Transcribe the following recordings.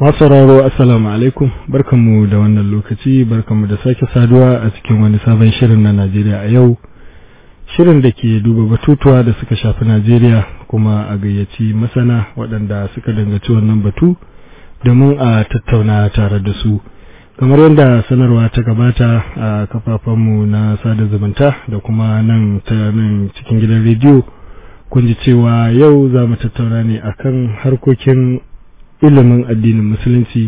masararo assalamu alaikum barkanmu da wannan lokaci barkanmu da sake saduwa a cikin wani sabon shirin na najeriya a yau shirin da ke duba batutuwa da suka shafi najeriya kuma a gayyaci masana waɗanda suka dangaci wannan batu domin a tattauna tare da su kamar yadda sanarwa ta gabata a kafafenmu na sada zumunta da kuma nan ta nan cikin gidan rediyo kun ji cewa yau za mu tattauna ne akan harkokin ilimin addinin musulunci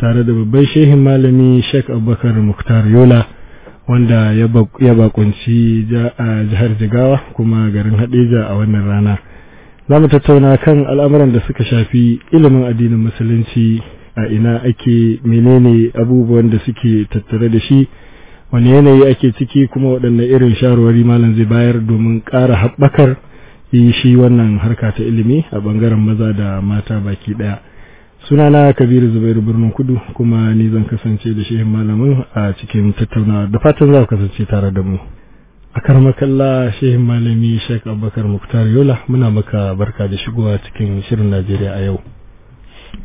tare da babban shehin malami Sheikh Abubakar Muktar Yola wanda ya bakunci a jihar Jigawa kuma garin Hadeja a wannan rana. Za mu tattauna kan al'amuran da suka shafi ilimin addinin musulunci a ina ake menene abubuwan da suke tattare da shi wani yanayi ake ciki kuma waɗanne irin shawarwari malam zai bayar domin ƙara haɓakar yi shi wannan harka ta ilimi a ɓangaren maza da mata baki ɗaya sunana kabiru zubairu birnin kudu kuma ni zan kasance da shehin malamin a cikin tattaunawa da fatan za ku kasance tare da mu a karmakalla shehin malami shek abubakar muktar yola muna maka barka da shigowa cikin shirin najeriya a yau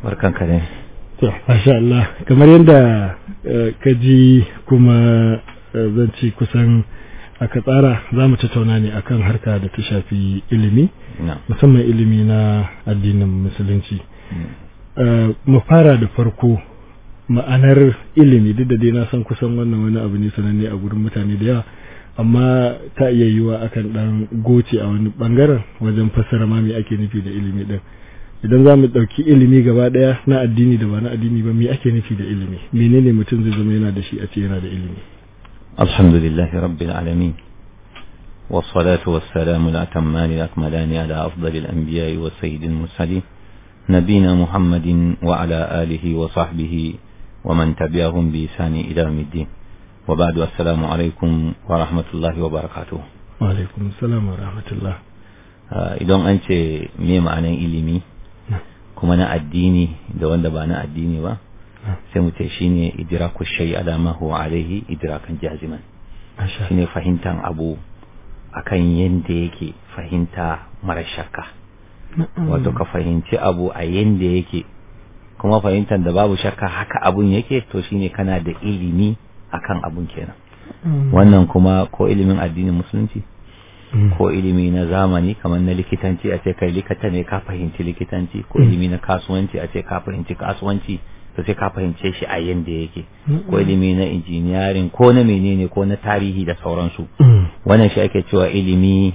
barkan ne masha Allah kamar yadda eh, ka ji kuma eh, zan ci kusan aka tsara za mu tattauna ne akan harka da ta shafi ilimi musamman ilimi na addinin musulunci mm. Eh, mu fara da farko ma'anar ilimi duk da dai na san kusan wannan wani abu ne sananne a gurin mutane da yawa amma ta iya yiwa akan dan goce a wani bangaren wajen fassara ma me ake nufi da ilimi din idan za mu ɗauki ilimi gaba ɗaya na addini da ba na addini ba me ake nufi da ilimi menene mutum zai zama yana da shi a ce yana da ilimi alhamdulillahi rabbil alamin والصلاة والسلام الأتمان الأكملان على أفضل الأنبياء والسيد المرسلين نبينا محمد وعلى آله وصحبه ومن تبعهم بإحسان إلى يوم الدين وبعد السلام عليكم ورحمة الله وبركاته وعليكم السلام ورحمة الله آه، إذن أنت مي معنى إلمي نعم. كما أنا أديني إذا وانا بأنا أديني با نعم. سمتشيني إدراك الشيء على ما هو عليه إدراكا جازما شيني فهمت أبو أكاين ينديكي فهمت مرشاكه wato ka fahimci abu a yanda yake kuma fahimtar da babu shakka haka abun yake to shine kana da ilimi akan abun kenan mm. wannan kuma ko ilimin addinin musulunci mm. ko ilimi na zamani kamar na likitanci a ce kai likita ne ka fahimci likitanci ko mm. ilimi na kasuwanci a ce ka fahimci kasuwanci to sai ka fahimce shi a yanda yake ko ilimi na injiniyarin ko na menene ko na tarihi da sauransu wannan shi ake cewa ilimi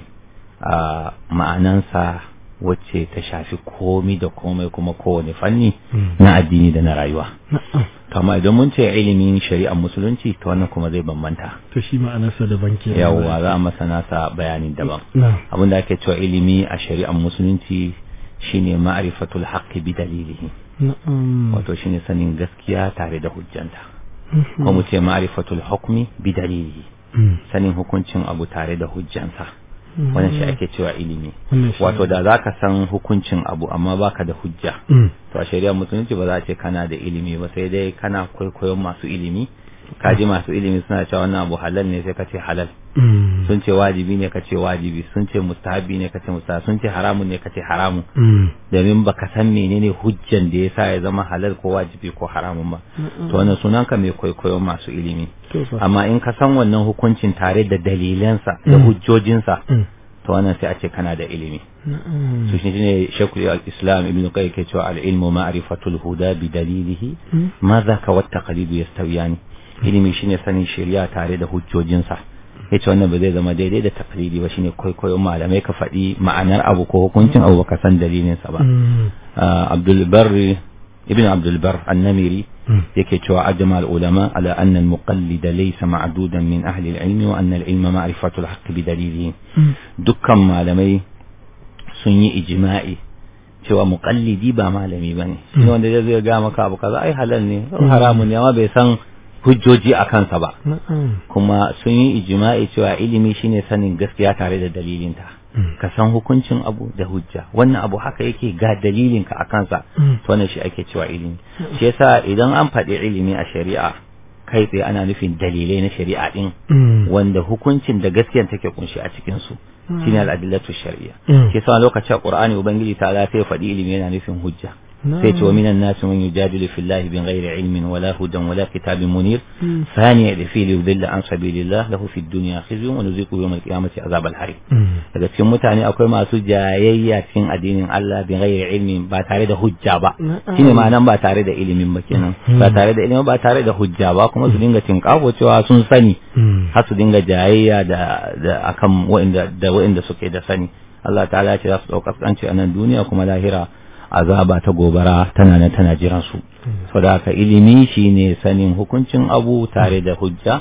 a ah, ma'anansa wacce ta shafi komi da komai kuma kowane fanni hmm. na addini da na rayuwa kama idan mun ce ilimin shari'ar musulunci to wannan kuma zai bambanta to shi ma'anarsa daban ke yawwa za a masa nasa bayanin daban abinda ake cewa ilimi a shari'ar musulunci shine ma'rifatul haqqi bi dalilihi wato shine sanin gaskiya tare da hujjanta mhm. ko mu ce ma'rifatul hukmi bi dalilihi hmm. sanin hukuncin abu tare da hujjansa Mm. wannan shi ake cewa ilimi wato da za ka san hukuncin abu amma baka da hujja mm. to a shari'a musulunci ba za a ce kana da ilimi ba sai dai kana kwaikwayon masu ilimi kaji masu ilimi suna cewa wannan abu halal ne sai kace halal mm. sun ce wajibi ne kace wajibi sun ce mustahabi ne kace mustahabi sun ce haramun ne kace haramun mm. domin baka san menene hujjan da yasa ya zama halal ko wajibi ko haramun ba to wannan sunan ka mai kwaikwayo masu ilimi amma in ka san wannan hukuncin tare da dalilansa da mm. hujjojinsa to wannan sai a ce kana da ilimi su shi ne al-islam ibn qayyim ke cewa al-ilmu ma'rifatul huda bi dalilihi ma Khalidu wat taqlid yastawiyani ilimi shine sanin shari'a tare da hujjojinsa yace wannan ba zai zama daidai da takriri ba shine kwaikwayon malamai ka faɗi ma'anar abu ko hukuncin abu baka san dalilin ba mm. ah, Abdul Barri ibn Abdul Barr an-Namiri mm. yake cewa ajma al-ulama ala anna al-muqallid laysa ma'dudan min ahli al-ilmi wa anna al ilm ma'rifatu al-haqq bi dalilihi mm. dukkan malamai sun yi ijma'i cewa muqallidi ba malami ba ne wanda zai ga maka abu kaza ai halal ne haramun ne amma bai san hujjoji a kansa ba kuma sun yi ijima'i cewa ilimi shine sanin gaskiya tare da dalilinta mm. ka san hukuncin abu da hujja wannan abu haka yake ga dalilinka a kansa mm. to ne shi ake cewa ilimi shi yasa idan an faɗi ilimi a shari'a kai tsaye ana nufin dalilai na shari'a din mm. wanda hukuncin da gaskiyan take kunshi a cikin su shine al-adillatu shar'iyya shi yasa lokacin Qur'ani ubangiji ta ya faɗi ilimi yana nufin hujja sai tominan wa minan nasu man fillahi bin ghairi ilmin wala hudan wala kitabin munir saniya da fili yudilla an sabilillah lahu fid dunya khizyun wa nuziqu yawm al-qiyamati azab al-hari daga cikin mutane akwai masu jayayya cikin addinin Allah bin ghairi ilmin ba tare da hujja ba shine ma'anan ba tare da ilimin ba kenan ba tare da ilimin ba tare da hujja kuma su dinga tinkafo cewa sun sani har su dinga jayayya da akan wa'inda da wa'inda suke da sani Allah ta'ala ce za su ɗaukaskanci a nan duniya kuma lahira azaba ta gobara tana na tana jiran su saboda ka ilimi shine sanin hukuncin abu tare da hujja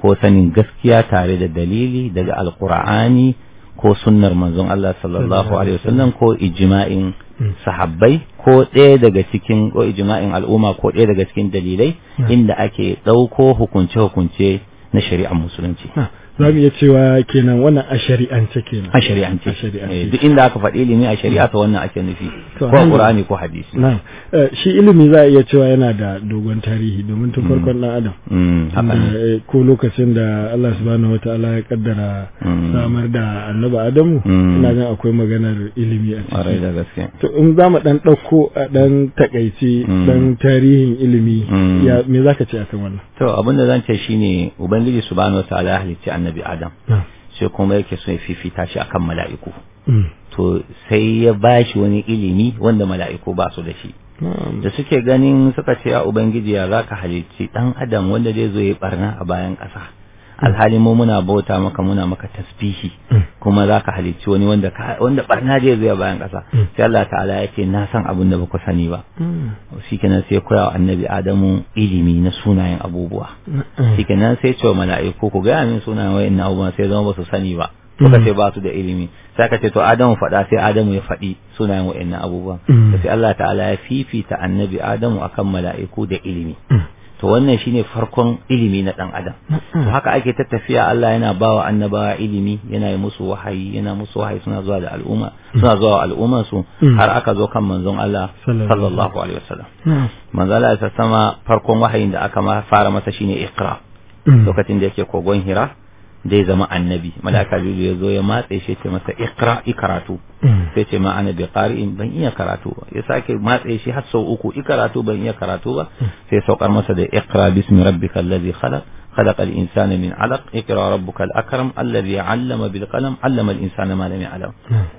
ko sanin gaskiya tare da dalili daga alqur'ani ko sunnar manzon Allah sallallahu alaihi wasallam ko ijma'in hmm. sahabbai ko ɗaya daga cikin ko ijma'in al'umma ko ɗaya daga cikin dalilai hmm. inda ake ɗauko hukunce-hukunce na shari'ar musulunci hmm. za mu iya cewa kenan wannan a shari'ance kenan a shari'ance eh, duk inda aka faɗi ilimi a shari'a ta wannan ake nufi ko qur'ani ko hadisi na'am eh, shi ilimi za a iya cewa yana da dogon tarihi domin tun farkon dan adam mm. Mm, eh, ko lokacin da Allah subhanahu wataala ya kaddara mm. samar da annabi adamu ina jin akwai maganar ilimi a ciki da gaske to in za mu dan dauko a dan takaici dan tarihin ilimi me zaka ce akan wannan to abin da zan ce shine ubangiji su subhanahu wataala ya halitta annabi adam sai kuma yake so ya fifita shi akan mala'iku mm. to sai ya bashi wani ilimi wanda mala'iku ba su da shi da suke ganin suka ce ya ubangiji ya zaka halicci dan adam wanda zai zo ya barna a bayan ƙasa alhali mu muna bauta maka muna maka tasbihi mm. kuma zaka halicci wani wanda wanda barna zai zuwa bayan kasa mm. sai Allah ta'ala yake na san abin da baka sani ba mm. shikenan sai koya wa annabi Adamu ilimi na sunayen abubuwa shikenan sai ce mala'iku ku gaya min sunayen wayannan abubuwa sai zama su sani ba suka ce ba su da ilimi sai ka ce to Adamu faɗa sai Adamu ya faɗi sunayen wayannan abubuwa sai Allah ta'ala ya fifita annabi Adamu akan mala'iku da ilimi to wannan shine farkon ilimi na dan adam to haka ake tattafiya Allah yana bawa annabawa ilimi yana yi musu wahayi yana musu wahayi suna zuwa da al'umma suna zuwa al'umman su har aka zo kan manzon Allah sallallahu alaihi wasallam manzon Allah ya sama farkon wahayin da aka fara masa shine iqra hmm. lokacin da yake kogon hira zai zama annabi malaka jibril ya zo ya matse shi ce masa iqra ikaratu sai ce ma ana bi qari'in ban iya karatu ba ya sake matse shi har sau uku ikaratu ban iya karatu ba sai saukar masa da iqra bismi rabbikal ladzi khalaq خلق الإنسان من علق اقرأ ربك الأكرم الذي علم بالقلم علم الإنسان ما لم يعلم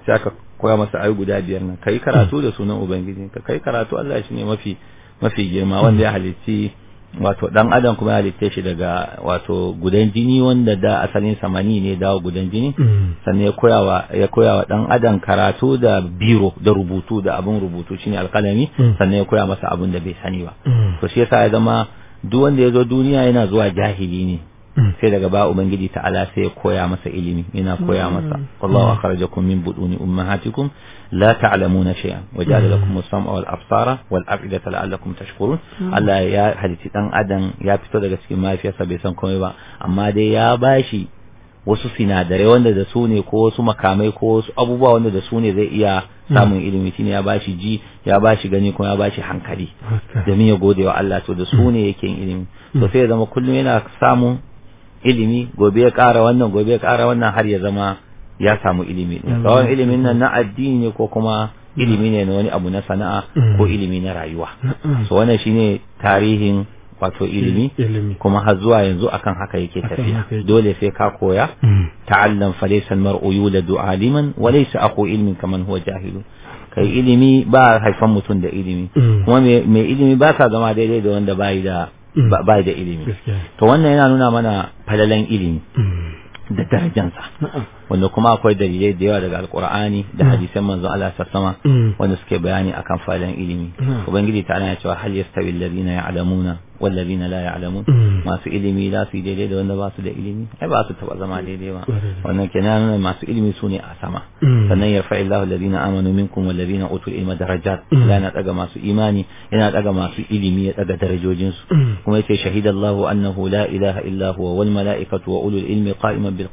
ساك koya masa ayi guda biyar nan kai karatu da sunan ubangijinka kai karatu Allah shine mafi mafi girma wanda ya halitti wato dan adam kuma ya halitta shi daga wato gudan jini wanda da asalin samani ne dawo gudan jini mm. sannan ya koyawa ya koyawa dan adam karatu da biro da rubutu da abun rubutu shine alkalami mm. sannan ya koya masa abun da bai sani ba mm. to shi yasa ya zama duk wanda ya zo duniya yana zuwa jahili ne Mm. sai daga ba ubangiji ta'ala sai ya koya masa ilimi yana koya mm. masa wallahu akhrajakum min buduni ummahatikum la ta'lamuna shay'an wa ja'ala mm. lakum as-sam'a wal absara wal af'idata la'allakum tashkurun Allah ya halitti dan adam ya fito daga cikin mahaifiyarsa bai san komai ba amma dai ya bashi wasu sinadarai wanda da su ne ko wasu makamai ko wasu abubuwa wanda da su ne zai iya samun ilimi shine ya bashi ji ya bashi gani kuma ya bashi hankali domin ya gode wa Allah to da su ne yake yin ilimi to sai ya zama kullum yana samun ilimi gobe ya kara wannan gobe ya kara wannan har ya zama ya samu ilimi mm. tsawon ilimin nan na addini ne ko kuma ilimi ne na wani abu na sana'a ko mm. ilimi na rayuwa so wannan shine tarihin wato mm, ilimi kuma har zuwa yanzu akan haka yake tafiya dole sai ka koya ta'allam fa laysa al-mar'u yuladu aliman wa laysa aqu ilmin kaman huwa jahilun kai ilimi ba haifan mutum da ilimi kuma mai ilimi ba sa zama daidai da wanda bai da Mm. ba da ilimi to wannan yana nuna mana falalan ilimi mm. da darajansa wanda kuma akwai dalilai da yawa daga alkur'ani da mm. hadisan manzon Allah sassama mm. wanda suke bayani akan fadan ilimi mm. ubangiji ta ana cewa hal yastawi alladhina ya'lamuna wal la ya'lamun masu ilimi za su daidai da wanda ba su da ilimi ai ba su taba zama daidai ba wannan kenan masu ilimi su ne a sama sannan yarfa illahu alladhina amanu minkum wal ladina utul ilma darajat na daga masu imani yana daga masu ilimi ya daga darajojin su kuma yace shahidallahu annahu la ilaha illa huwa wal malaikatu wa ulul ilmi qa'iman bil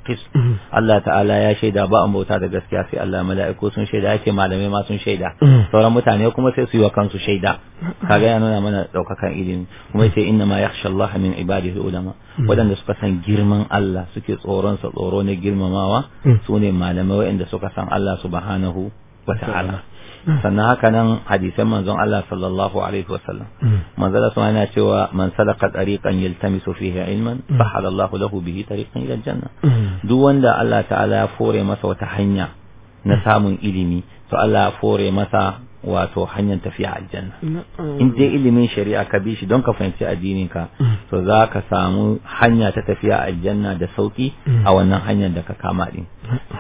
Allah ta'ala ta'ala ya shaida ba an bauta da gaskiya sai Allah mala'iku sun shaida yake malamai ma sun shaida mm. sauran mutane kuma sai su yi wa kansu shaida kaga ya nuna mana daukakan ilimi kuma sai inna ma yakhsha Allah min ibadihi ulama mm. wadanda suka san girman Allah suke tsoron sa tsoro mm. ne girmamawa sune malamai waɗanda suka san Allah subhanahu wa ta'ala Hmm. sannan haka nan hadisan manzon Allah sallallahu alaihi wasallam hmm. manzon cewa man salaka tariqan yaltamisu fihi ilman sahala hmm. Allahu lahu bihi tariqan ila janna duk wanda Allah ta'ala ya fore masa wata hanya na samun ilimi to Allah ya fore masa wato hanyar tafiya aljanna oh. in dai ilimin shari'a ka bi shi don ka fahimci addinin ka to za ka samu hanya ta tafiya aljanna da sauki a wannan hanyar da ka kama din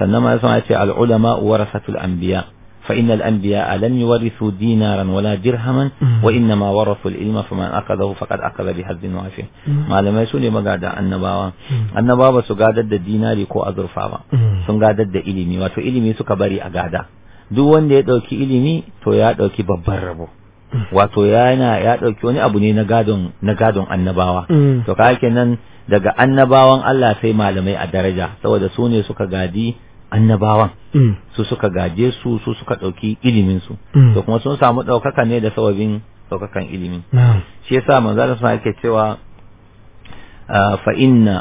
sannan ma ya ce al ulama warasatul anbiya فإن الأنبياء لم يورثوا دينارا ولا درهما وإنما ورثوا العلم فمن أخذه فقد أخذ Annabawa وافي ما لم يسوني ما قاعدة النباوة النباوة سقادة ديناري كو أذرفا سقادة إلمي واتو إلمي سكبري أقادة duk wanda ya ɗauki ilimi to ya ɗauki babban rabo wato yana ya ɗauki wani abu ne na gadon na gadon annabawa to kaga nan daga annabawan Allah sai malamai a daraja saboda su ne suka gadi annabawan mm. su suka gaje su su suka ɗauki ilimin su mm. to kuma sun samu ɗaukaka ne da sababin ɗaukakan ilimi shi yasa manzo suna yake cewa ah, fa inna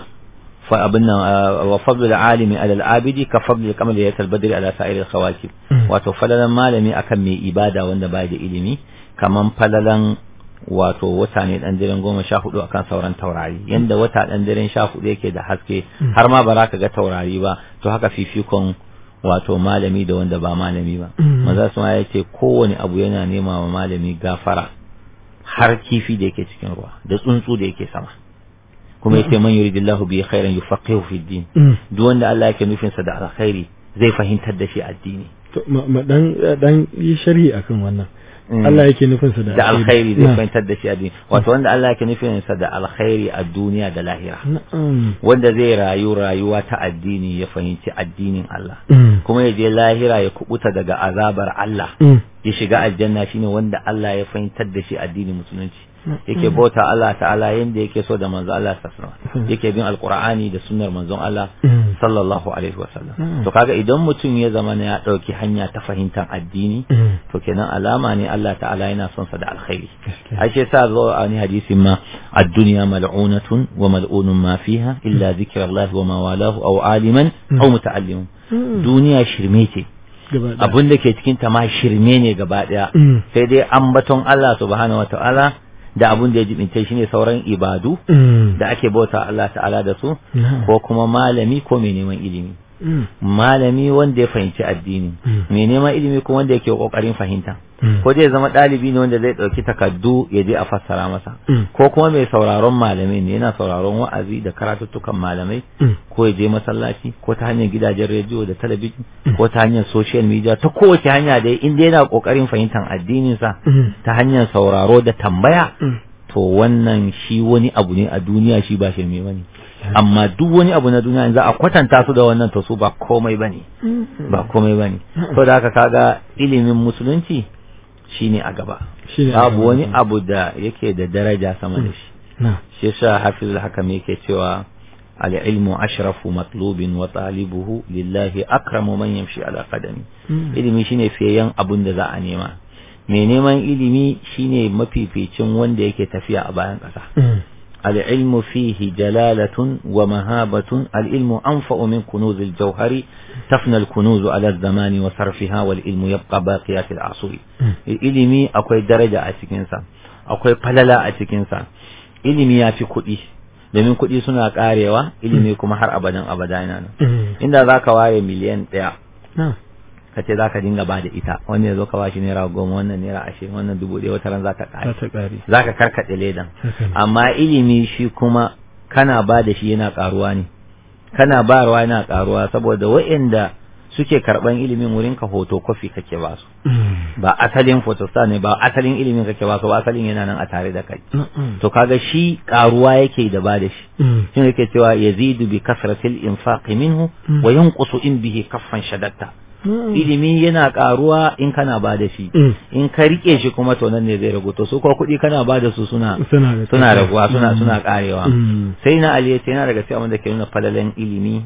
fa abinna ah, wa fadl alimi ala al-abidi ka fadl kamal yatal ya ala sa'ir al-khawakib mm. wato falalan malami akan mai ibada wanda bai da ilimi kaman falalan wato wata ne dan diren goma sha hudu akan sauran taurari yanda wata dan daren sha hudu yake da haske mm. har ma ba za ka ga taurari ba to haka fifikon wato malami da wanda ba malami ba mm. maza su ma ya ce kowane abu yana nema wa malami gafara har kifi da yake cikin ruwa da tsuntsu da yake sama kuma yace mm. man yuridillahu bi khairan yufaqihu fi din duk wanda Allah yake nufin sa da alkhairi zai fahimtar da shi addini to dan dan yi sharhi akan wannan Mm. Allah yake nufin sa da alkhairi zai fahimtar da shi a duniya wato wanda Allah yake nufin sa da alkhairi a duniya da lahira wanda zai rayu rayuwa ta addini ya fahimci addinin Allah mm. kuma ya je lahira ya kubuta daga azabar Allah mm. ya shiga aljanna shine wanda Allah ya fahimtar da shi addinin musulunci yake mm. bauta Allah ta'ala yanda yake so da manzo Allah sallallahu alaihi mm. yake bin alqur'ani da sunnar manzon Allah mm. sallallahu alaihi wasallam to kaga idan mutum ya zama ya dauki hanya ta fahimtar addini to kenan alama ne Allah ta'ala yana son sa da alkhairi ashe sa zo a ni hadisin ma ad-dunya mal'unatun wa mal'unun ma fiha illa dhikrullahi wa ma aw aliman aw muta'allimun duniya shirme ce abun ke cikin ta ma shirme ne gaba daya sai dai ambaton Allah subhanahu wa ta'ala da abun da ya jibince shi ne sauran ibadu mm. da ake bauta Allah ta'ala da su ko kuma malami ko mai neman ilimi Mm. malami wanda ya fahimci addini mm. mai neman ilimi kuma wanda yake kokarin fahimta mm. ko zai zama ɗalibi ne wanda zai ɗauki takaddu ya je a fassara masa ko kuma mai sauraron malamai ne yana sauraron wa'azi da karatuttukan malamai ko ya je masallaci ko ta hanyar gidajen rediyo da talabijin ko ta hanyar social media ta kowace hanya dai in yana kokarin fahimtar addininsa ta hanyar sauraro da tambaya to wannan shi wani abu ne a duniya shi ba shi mai bane amma duk wani abu na duniya za a kwatanta su da wannan to su ba komai bane mm-hmm. ba komai bane to da haka kaga ilimin musulunci shine a gaba babu wani abu da yake da daraja sama da shi mm. shi yasa hafizul hakam yake cewa al-ilmu ashrafu matlubin wa talibuhu lillahi akramu man yamshi ala qadami mm. ilimi shine fiyayen abun da za a nema mai neman ilimi shine mafificin wanda yake tafiya a bayan ƙasa mm. العلم فيه جلالة ومهابة العلم أنفأ من كنوز الجوهر تفنى الكنوز على الزمان وصرفها والعلم يبقى باقيات العصور العلمي أكوي درجة أتك إنسان أكوي بللا أتك إنسان علمي يافي كؤي لمن كؤي سنة أكاريوا علمي كمحر أبدا أبدا إنا إن ذاك واري مليان تيا نعم. ka ce za ka dinga ba da ita ya yazo ka bashi naira goma wannan naira ashirin wannan dubu ɗaya wata ran zaka ƙare ka karkaɗe ledan amma ilimi shi kuma kana ba da shi yana ƙaruwa ne kana bayarwa yana ƙaruwa saboda wa'inda suke karɓan ilimin wurin ka hoto kofi kake ba su mm. ba asalin fotosta ne ba asalin ilimin kake ba su ba asalin yana nan a tare da kai to kaga shi ƙaruwa yake da ba da shi mm. shi yake cewa yazidu bi kasratil infaqi minhu mm. wa yanqusu in bihi kaffan shadatta ilimi yana karuwa in kana ba da shi mm. in ka rike shi kuma to nan ne zai rago to su ko kuɗi kana ba da su suna suna raguwa suna suna karewa mm. mm. sai na aliyu sai na daga cewa da ke nuna falalen ilimi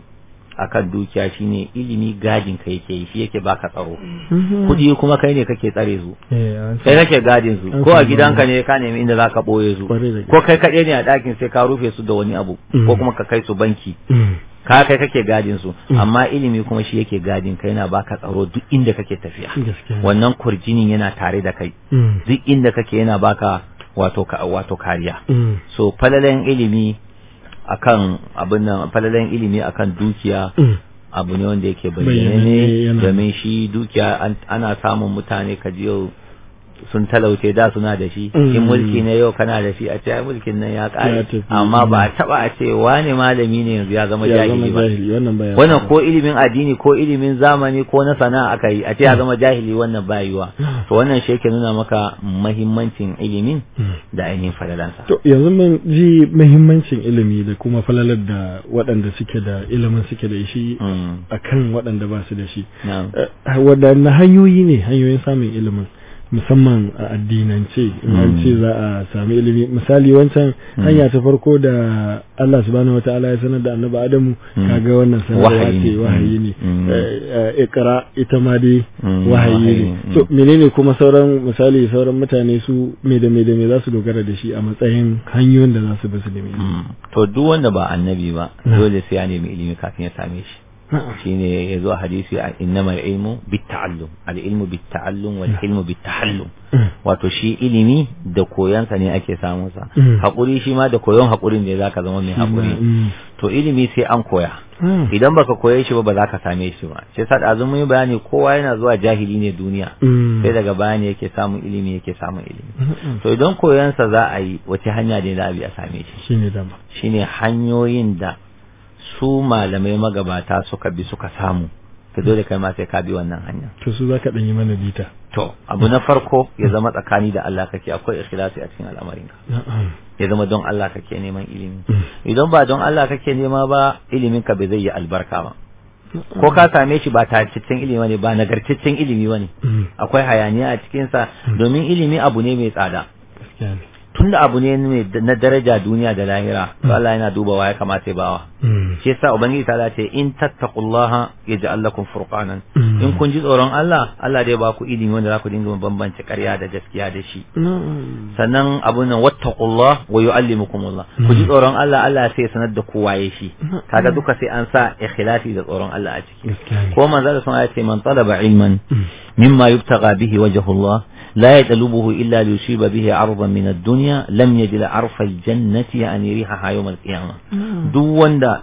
akan dukiya shine ilimi gadin ka yake shi yake baka tsaro mm-hmm. kuɗi kuma kai ne kake tsare su eh, kai kake gadin su ko a gidanka ne ka nemi inda zaka boye su ko kai kaɗai ne a ɗakin sai ka rufe su da wani abu ko kuma ka kai su banki ka kai kake gadin su mm. amma ilimi kuma shi yake gadin kai yana baka tsaro duk inda kake tafiya wannan kurjinin yana tare da kai mm. duk inda kake yana baka wato ka wato kariya mm. so falalen ilimi akan abin nan falalen ilimi akan dukiya abu ne wanda yake bayyane ne domin shi dukiya ana samun mutane ka yau sun talauce da suna da shi mm. in mulki ne yau kana da shi a ce mulkin nan ya kare amma ba a mm. taba a ce wani malami ne yanzu ya zama jahili ba wannan ko ilimin addini ko ilimin zamani ko na sana'a aka yi a ce ya mm. zama jahili wannan bayuwa to wannan shi yake nuna maka muhimmancin ilimin da ainihin falalansa to yanzu mun ji muhimmancin ilimi da kuma falalar da waɗanda suke da ilimin suke da shi akan waɗanda ba su da shi eh, wadannan hanyoyi ne hanyoyin samun ilimin musamman a addinance in ce mm. za a sami ilimi misali wancan mm. hanya ta farko da Allah subhanahu wataala ya sanar da annabi Adamu mm. kaga wannan sanarwa ce wahayi ne eh, eh, ikra ita ma dai wahayi ne to menene kuma sauran misali sauran mutane su me da me da me za su dogara da shi a matsayin hanyoyin da za su bi su to duk wanda ba annabi ba dole sai ya nemi ilimi kafin ya same shi ne ya zo a hadisi a mai ilmu bitta'allum al-ilmu bitta'allum wal ilmu bittahallum wato shi ilimi da koyansa ne ake samun sa hakuri shi ma da koyon hakuri ne zaka zama mai hakuri to ilimi sai an koya idan baka koya shi ba ba za ka same shi ba sai sa mun yi bayani kowa yana zuwa jahili ne duniya sai daga baya ne yake samun ilimi yake samun ilimi to idan koyansa za a yi wace hanya ne za a bi a same shi shine hanyoyin da su malamai magabata suka bi suka samu ka dole kai ma sai ka bi wannan hanya to su zaka danyi mana bita to abu na farko ya zama tsakani da Allah kake akwai ikhlasi a cikin al'amarin ka ya zama don Allah kake neman ilimi mm. idan ba don Allah kake nema ba ilimin ka bai zai yi albarka ba ko ka same shi ba ta cikin ilimi bane ba nagarcicin ilimi ne mm. akwai hayaniya a cikin sa mm. domin ilimi abu ne mai tsada tun da abu ne na daraja duniya da lahira to Allah yana dubawa ya kamata ya bawa hmm. shi yasa ubangiji ta ce in tattaqullaha yaj'al lakum furqanan hmm. in kun ji tsoron Allah Allah zai ba ku ilimi wanda za ku dinga bambance ƙarya da gaskiya da shi hmm. sannan abu nan wattaqullah wa yu'allimukumullah ku ji tsoron Allah Allah sai sanar da ku waye shi kaga duka sai an sa ikhlasi da tsoron Allah a ciki ko manzo da sun ce man talaba ilman mimma yubtaga bihi wajhullah لا يطلبه إلا ليصيب به عرضا من الدنيا لم يجد عرف الجنة أن يريحها يوم القيامة دون دا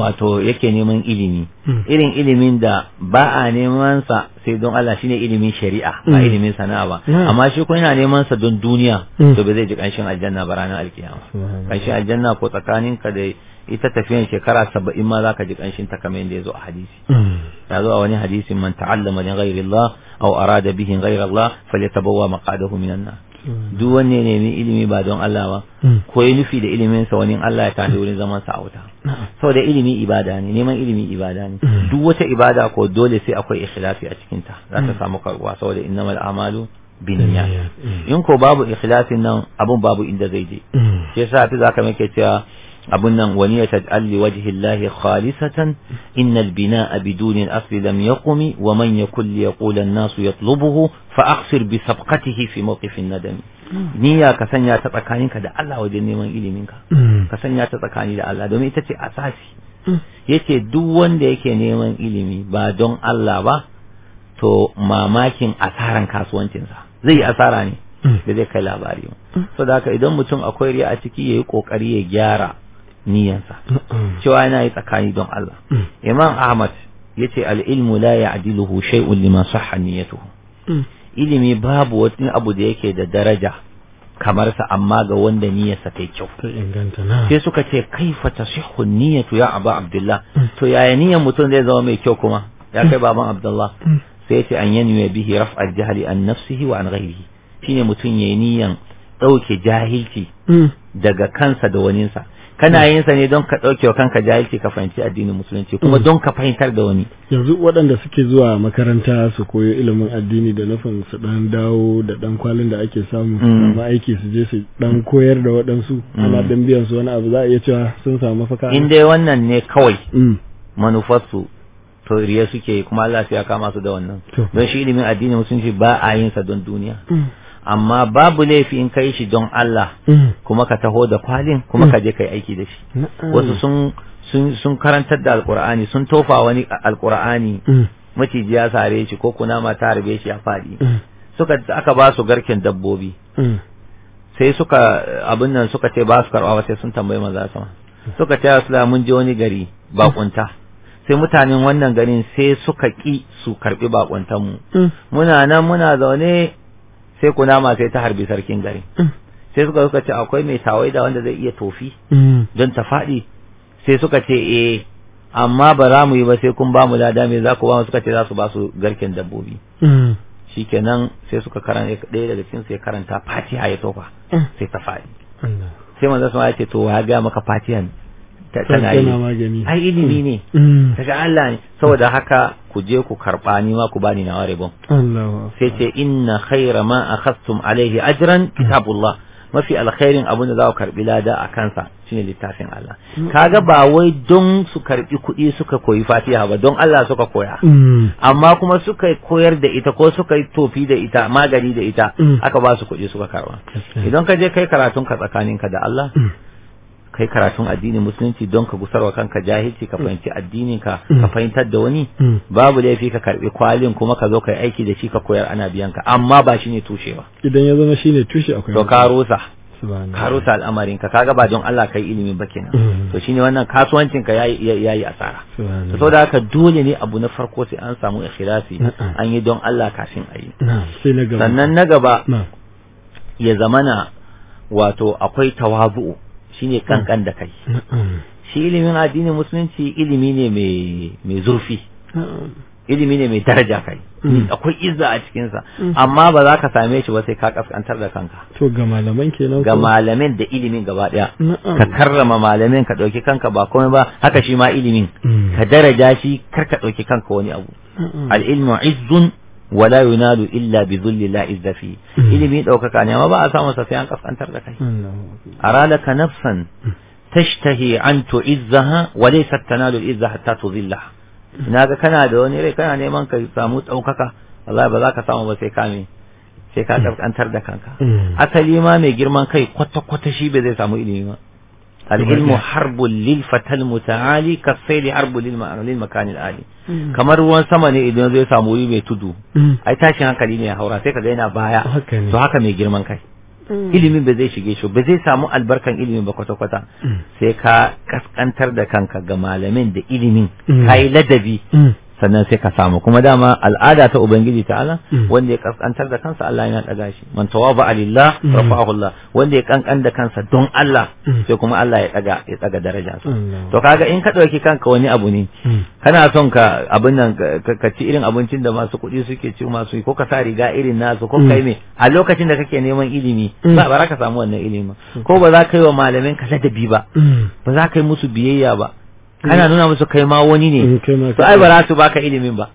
wato yake neman ilimi irin ilimin da ba a neman sa sai don Allah shine ilimin shari'a ba ilimin sana'a ba amma shi ko yana neman sa don duniya to ba zai ji kanshin aljanna ba ranar alkiyama kanshin aljanna ko tsakaninka da ita tafiyan shekara saba'in ma za ka ji ƙanshin ta kamar yadda ya zo a hadisi hmm. ya zo a wani hadisin man ta'allama li ghairi Allah aw arada bihi ghairi Allah falyatabawwa maqadahu minan nar hmm. duk wanne ne nemi ilimi ba don Allah ba hmm. ko ya nufi da ilimin sa wani Allah ya tafi wurin zaman sa a wuta saboda ilimi ibada ne neman ilimi ibada ne duk wata ibada ko dole sai akwai ikhlasi a cikin ta za ta samu karuwa saboda innamal a'malu biniya in ko babu ikhlasin nan abun babu inda zai je shi yasa ta zaka make cewa abun nan wani ya taj'alli li wajhi llahi khalisatan innal binaa biduni al-asli lam wa man kulle ya yaqul nasu ya tlubuhu fa aksir bi sabqatihi fi mawqif an-nadam hmm. niyya ka sanya ta tsakaninka da Allah wajen neman ilimin ka hmm. ka sanya ta tsakani da Allah domin ita ce asasi hmm. yace duk wanda yake neman ilimi ba don Allah ba to mamakin asaran kasuwancinsa zai yi asara ne da zai kai labari so da haka idan mutum akwai riya a ciki yayi kokari ya gyara niyansa cewa yana yi tsakani don Allah mm. imam ahmad yace al-ilmu la ya'diluhu shay'un lima sahha niyyatuhu mm. ilimi babu wani abu da yake da daraja kamar sa amma ga wanda niyyarsa ta kyau sai suka ce kaifa tasihhu niyyatu ya aba abdullah mm. to yaya niyyar mutum zai zama mai kyau kuma ya kai baban abdullah sai yace an yanwe bihi raf'a jahli an nafsihi wa an ghayrihi shine mutum yayi niyyan dauke jahilci daga kansa da waninsa kana yin sa ne don ka dauke wa kanka jahilci ka fahimci addinin musulunci kuma mm. don ka fahimtar da wani yanzu waɗanda suke zuwa makaranta su koyo ilimin addini da nufin su dan dawo da dan kwalin da ake samu su mm. aiki su je su dan koyar da waɗansu mm. ana dan biyan su wani abu za a iya cewa sun samu mafaka in dai wannan ne kawai manufarsu to riya suke kuma Allah ya kama su da wannan don shi ilimin addini musulunci ba a yin sa don duniya amma babu laifi in kai shi don Allah mm. kuma ka taho da kwalin kuma mm. ka je kai aiki da shi wasu sun sun karantar da alqur'ani sun tofa wani alqur'ani mm. maciji ya sare shi ko ma ta harbe shi ya fadi suka aka ba su garken dabbobi sai suka abin nan suka ce ba su karɓa ba sai sun tambayi maza sama suka ce asala mun je wani gari bakunta sai mutanen wannan garin sai suka ki su karɓi bakuntan mu muna nan muna zaune sai ku nama sai ta harbi sarkin gari mm. sai suka suka ce akwai mai tawaida wanda zai iya tofi mm. don ta faɗi sai suka ce eh amma ba za mu yi ba sai kun ba mu lada me za ku ba mu suka ce za su ba su garken dabbobi mm. shikenan sai suka karanta ɗaya daga cikin sai karanta fatiha ya tofa sai ta faɗi sai manzo sun ce to ya ga maka fatiha tana yi ai ilimi ne mm. Mm. daga Allah ne saboda haka ku je ku karba ni ma ku bani na ware bon sai ce inna khaira ma akhastum alaihi ajran mm. kitabullah mafi alkhairin abin da za ku karbi lada a kansa shine littafin Allah kaga ba wai don su karbi kuɗi suka koyi Fatiha ba don Allah suka koya amma kuma suka koyar da ita ko suka yi tofi da ita magani da ita aka ba su kuɗi suka karba idan ka je kai karatun ka tsakaninka da Allah kai karatun addinin musulunci don ka gusarwa kanka jahilci ka mm. fahimci addinin ka ka mm. fahimtar da wani mm. babu laifi ka karbi kwalin kuma ka zo kai aiki da shi ka koyar ana biyan ka amma ba shine tushe ba idan ya zama shine tushe akwai to ka rusa ka rusa al'amarin ka kaga ba don Allah kai ilimin ba kenan to shine wannan kasuwancin ka yayi yayi asara to saboda haka dole ne abu na farko sai an samu ikhlasi an yi don Allah kafin ayi sannan na gaba ya zamana wato akwai tawazu'u shine kankan da kai shi ilimin addinin musulunci ilimi ne mai zurfi ilimi ne mai daraja kai akwai izza a cikinsa amma ba za ka same shi ba sai ka kaskantar da kanka to ga malaman kenan ga malamin da ilimin gaba daya ka karrama malamin ka dauki kanka ba komai ba haka shi ma ilimin mm. ka daraja shi kar ka dauki kanka wani abu al ilmu izzun wala yunalu illa bi dhilli la izza fi ilimi daukaka ne amma ba a samu sa sai an kasantar da kai aralaka nafsan tashtahi an tu'izzaha wa laysa tanalu al-izza hatta tudhillaha naga kana da wani rai kana neman ka samu daukaka wallahi ba za ka samu ba sai ka me sai ka kaskantar da kanka asali ma mai girman kai kwata kwata shi bai zai samu ilimi ba العلم حرب للفتى المتعالي كالسيل حرب للمكان العالي kamar ruwan sama ne idan zai samu wuri mai tudu ai tashin hankali ne ya haura sai ka ga yana baya to haka mai girman kai ilimin ba zai shige shi ba zai samu albarkan ilimin ba kwata kwata sai ka kaskantar da kanka ga malamin da ilimin Kayi ladabi sannan sai ka samu kuma dama al'ada ta ubangiji ta'ala mm. wanda ya kaskantar da kansa Allah yana daga shi man tawaba lillah mm. rafa'ahu Allah wanda ya kankan da kansa don Allah mm. sai kuma Allah ya daga ya daga darajarsa to kaga in ka dauki kanka wani abu ne kana son ka abin nan ka ci irin abincin da masu kuɗi suke ci masu ko ka sa riga irin nasu ko kai me a lokacin da kake neman ilimi ba ba za ka samu wannan ilimin ko ba za ka yi wa malamin ka ladabi ba ba za ka yi musu biyayya ba ana nuna musu kai ma wani ne to ai ba za su baka ilimin ba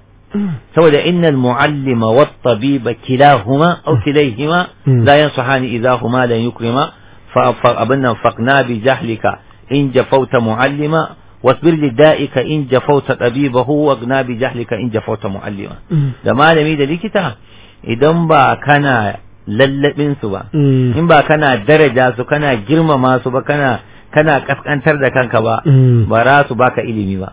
saboda innal muallima wat tabiba kilahuma aw kilayhima la yansahani idza huma lan yukrima fa abin nan faqna bi jahlika in jafauta muallima واصبر لدائك إن جفوت طبيبه واغنى بجهلك إن جفوت معلما da malami da likita idan ba kana lallabin su ba in ba kana daraja su kana girmama su ba kana kana kaskantar da kanka ba mm. ba za su baka ilimi ba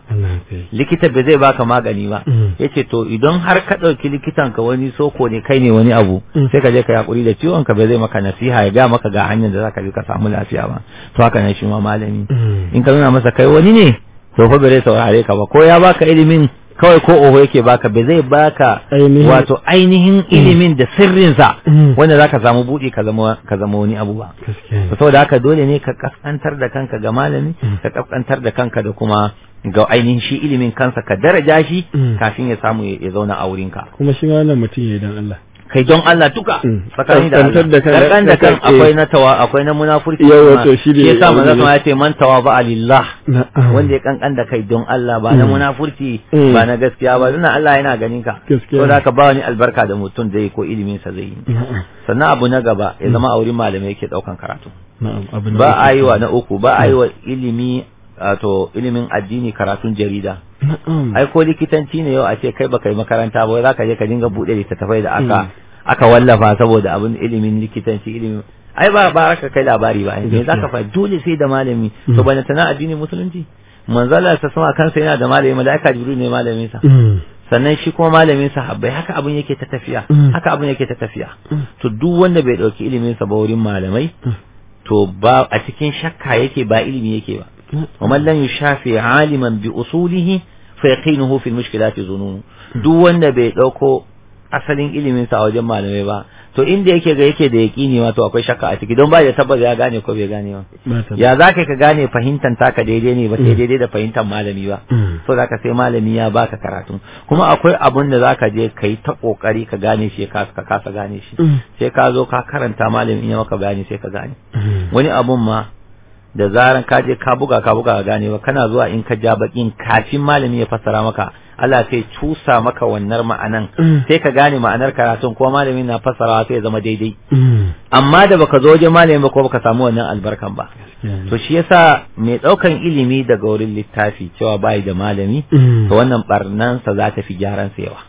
likita bai zai baka magani ba mm. yace to idan har ka ɗauki likitan ka wani soko ne kai ne wani abu mm. sai ka je ka yakuri da ciwon ka bai zai maka nasiha ya ga maka ga hanyar da zaka bi ka samu lafiya ba to haka ne shi ma malami in ka nuna masa kai wani ne to fa bai saurare ka ba ko ya baka ilimin kawai ko oho yake baka ba zai baka wato ainihin mm. ilimin da sirrinsa mm. wanda zaka samu buɗi ka zama ka zama wani abu ba saboda haka dole ne ka kaskantar da kanka ga malami mm. ka kaskantar da kanka da kuma ga ainihin shi ilimin kansa ka daraja shi kafin ya samu ya zauna a wurinka kuma shi wannan mutum ya dan Allah kai don Allah duka mm. tsakanin da Allah kankan da kan eh. akwai na tawa akwai na munafurci yawa to shi ne yasa manzo ya ce man tawa ba alillah wanda ya kankan da kai don Allah ba na mm. munafurci mm. ba na gaskiya ba dan Allah yana ganin ka ko da ka ba wani albarka da mutum zai ko ilimin sa zai yi sannan abu na gaba ya zama a wurin malamai yake daukan karatu ba a yi wa na uku ba a yi wa ilimi to ilimin addini karatun jarida ai ko likitanci ne yau a ce kai baka yi makaranta ba za ka je ka dinga buɗe littattafai da aka hmm. aka wallafa saboda abin ilimin likitanci ilimin ai ba ba ka kai labari ba ne za ka fa dole sai da malami hmm. to bane tana addinin musulunci Allah ta sama kansa yana da malami malaika jibril ne malamin sa hmm. sannan shi kuma malamin sahabbai haka abin yake ta tafiya haka abin yake ta tafiya to duk wanda bai dauki ilimin sa ba wurin malamai to ba a cikin shakka yake ba ilimi yake ba ومن لم يشافي عالما بأصوله فيقينه في المشكلات ظنون duk wanda bai dauko asalin ilimin sa a wajen malamai ba to inda yake ga yake da yaqini ma to akwai shakka a ciki don ba ya tabbata ya gane ko bai gane ba ya zaka ka gane fahimtan taka daidai ne ba sai daidai da fahimtan malami ba so zaka sai malami ya baka karatu kuma akwai abun da zaka je kai ta kokari ka gane shi ka kasa gane shi sai ka zo ka karanta malamin ya maka bayani sai ka gane wani abun ma da zaran ka je ka buga ka buga gane ba kana zuwa in ka ja bakin kafin malami ya fassara maka Allah sai cusa maka wannan ma'anan mm. sai ka gane ma'anar karatun ko malami na fassara sai ya zama daidai mm. amma da baka zo wajen malami ba ko baka samu wannan albarkan ba to shi yasa mai daukan ilimi daga wurin littafi cewa bai da malami mm. to wannan barnan sa za ta fi gyaran sa yawa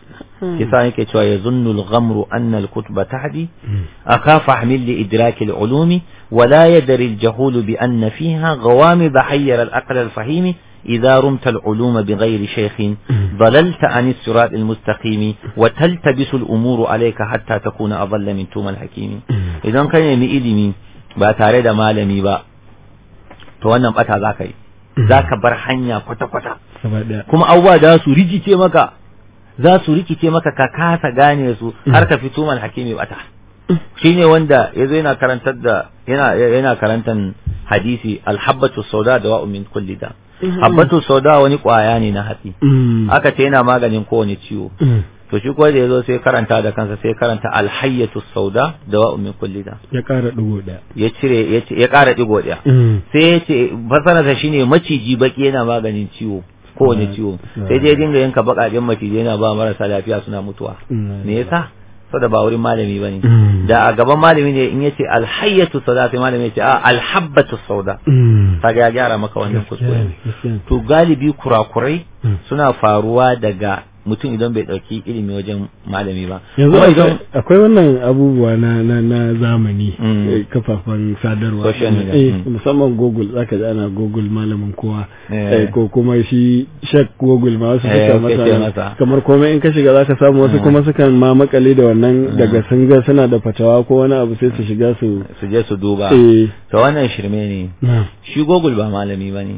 yasa yake cewa yazunnul ghamru anna al-kutba tahdi akafa hamil li idrak al-ulumi ولا يدري الجهول بأن فيها غوامض حير الأقل الفهيم إذا رمت العلوم بغير شيخ ضللت عن الصراط المستقيم وتلتبس الأمور عليك حتى تكون أظل من توم الحكيم إذا كان يمئلني بأتارد مالمي با توانا مأتا ذاك ذاك برحنيا كتا كتا كما أوا داسو سوريجي تيمكا ذا سوريجي تيمكا كاكاسا غاني يسو في توم الحكيم بأتا Shi ne wanda ya zo yana karantar da yana karantar hadisi alhabbatu sauda da wa'u min kulli da mm-hmm. habbatu sauda wani kwaya ne na hatsi mm. aka ce yana maganin kowane ciwo mm. to shi kuwa da ya zo sai karanta da kansa sai karanta alhayyatu sauda da wa'u min kulli da ya kara digo ɗaya. ya cire ya kara digo daya mm. sai ya ce fasararsa ne maciji baki yana maganin ciwo kowane ciwo sai dai dinga yanka bakajen maciji yana ba marasa lafiya suna mutuwa me yasa saboda ba wurin malami bane da a gaban malami ne in yace alhayyatu sauda sai malami yace a ah, alhabbatu sauda mm. kaga ya gyara maka wannan kuskure to galibi kurakurai mm. suna faruwa daga mutum idan bai ɗauki ilimi wajen malami ba yanzu akwai wannan abubuwa na na na zamani mm. eh, kafafen sadarwa eh, mm. musamman google zaka ji ana google malamin kowa eh. ko kuma shi shek google ma wasu suka mata kamar komai in ka shiga zaka samu wasu mm. kuma sukan ma makale da wannan daga sun ga suna da fatawa ko wani abu sai su shiga su su je su duba to wannan shirme ne shi google ba malami bane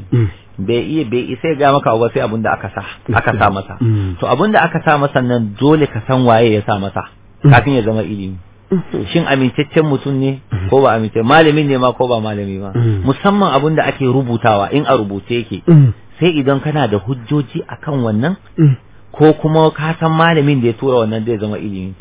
bai iya bai isa ga maka ba sai abin aka sa aka sa masa mm. to abin aka sa masa nan dole ka san waye ya sa masa mm. kafin ya zama ilimi mm. shin amintaccen mutum ne ko ba amince malamin ne ma ko ba malami ba musamman abin da ake rubutawa in a rubuce yake sai idan kana da hujjoji akan wannan ko kuma ka san malamin da ya tura wannan zai zama ilimi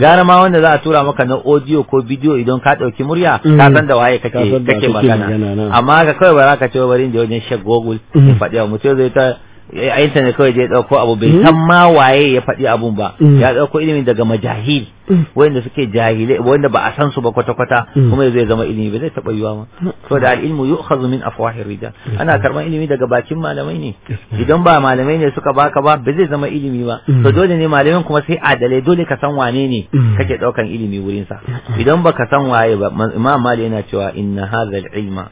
gara ma wanda za a tura maka na audio ko video idan ka dauki murya ka mm. san da waye kake kake magana amma ka kawai ba za ka ce bari da wajen shek google in mm. faɗi wa mutum zai ta Eh, a intanet kawai da ya ɗauko abu bai hmm? san ma waye ya faɗi abun ba hmm. ya ɗauko ilimi daga majahil hmm. wanda suke jahilai wanda ba a san su ba kwata-kwata kuma zai zama ilimi ba zai taɓa yiwa ma to da al'ilmu yu'khadhu min afwahir rijal ana karɓar ilimi daga bakin malamai ne idan ba malamai ne suka baka ba ba zai zama ilimi ba to dole ne malamin kuma sai adalai dole ka san wane ne kake ɗaukan ilimi wurin sa idan ka san waye ba imam mali yana cewa inna hadha al-ilma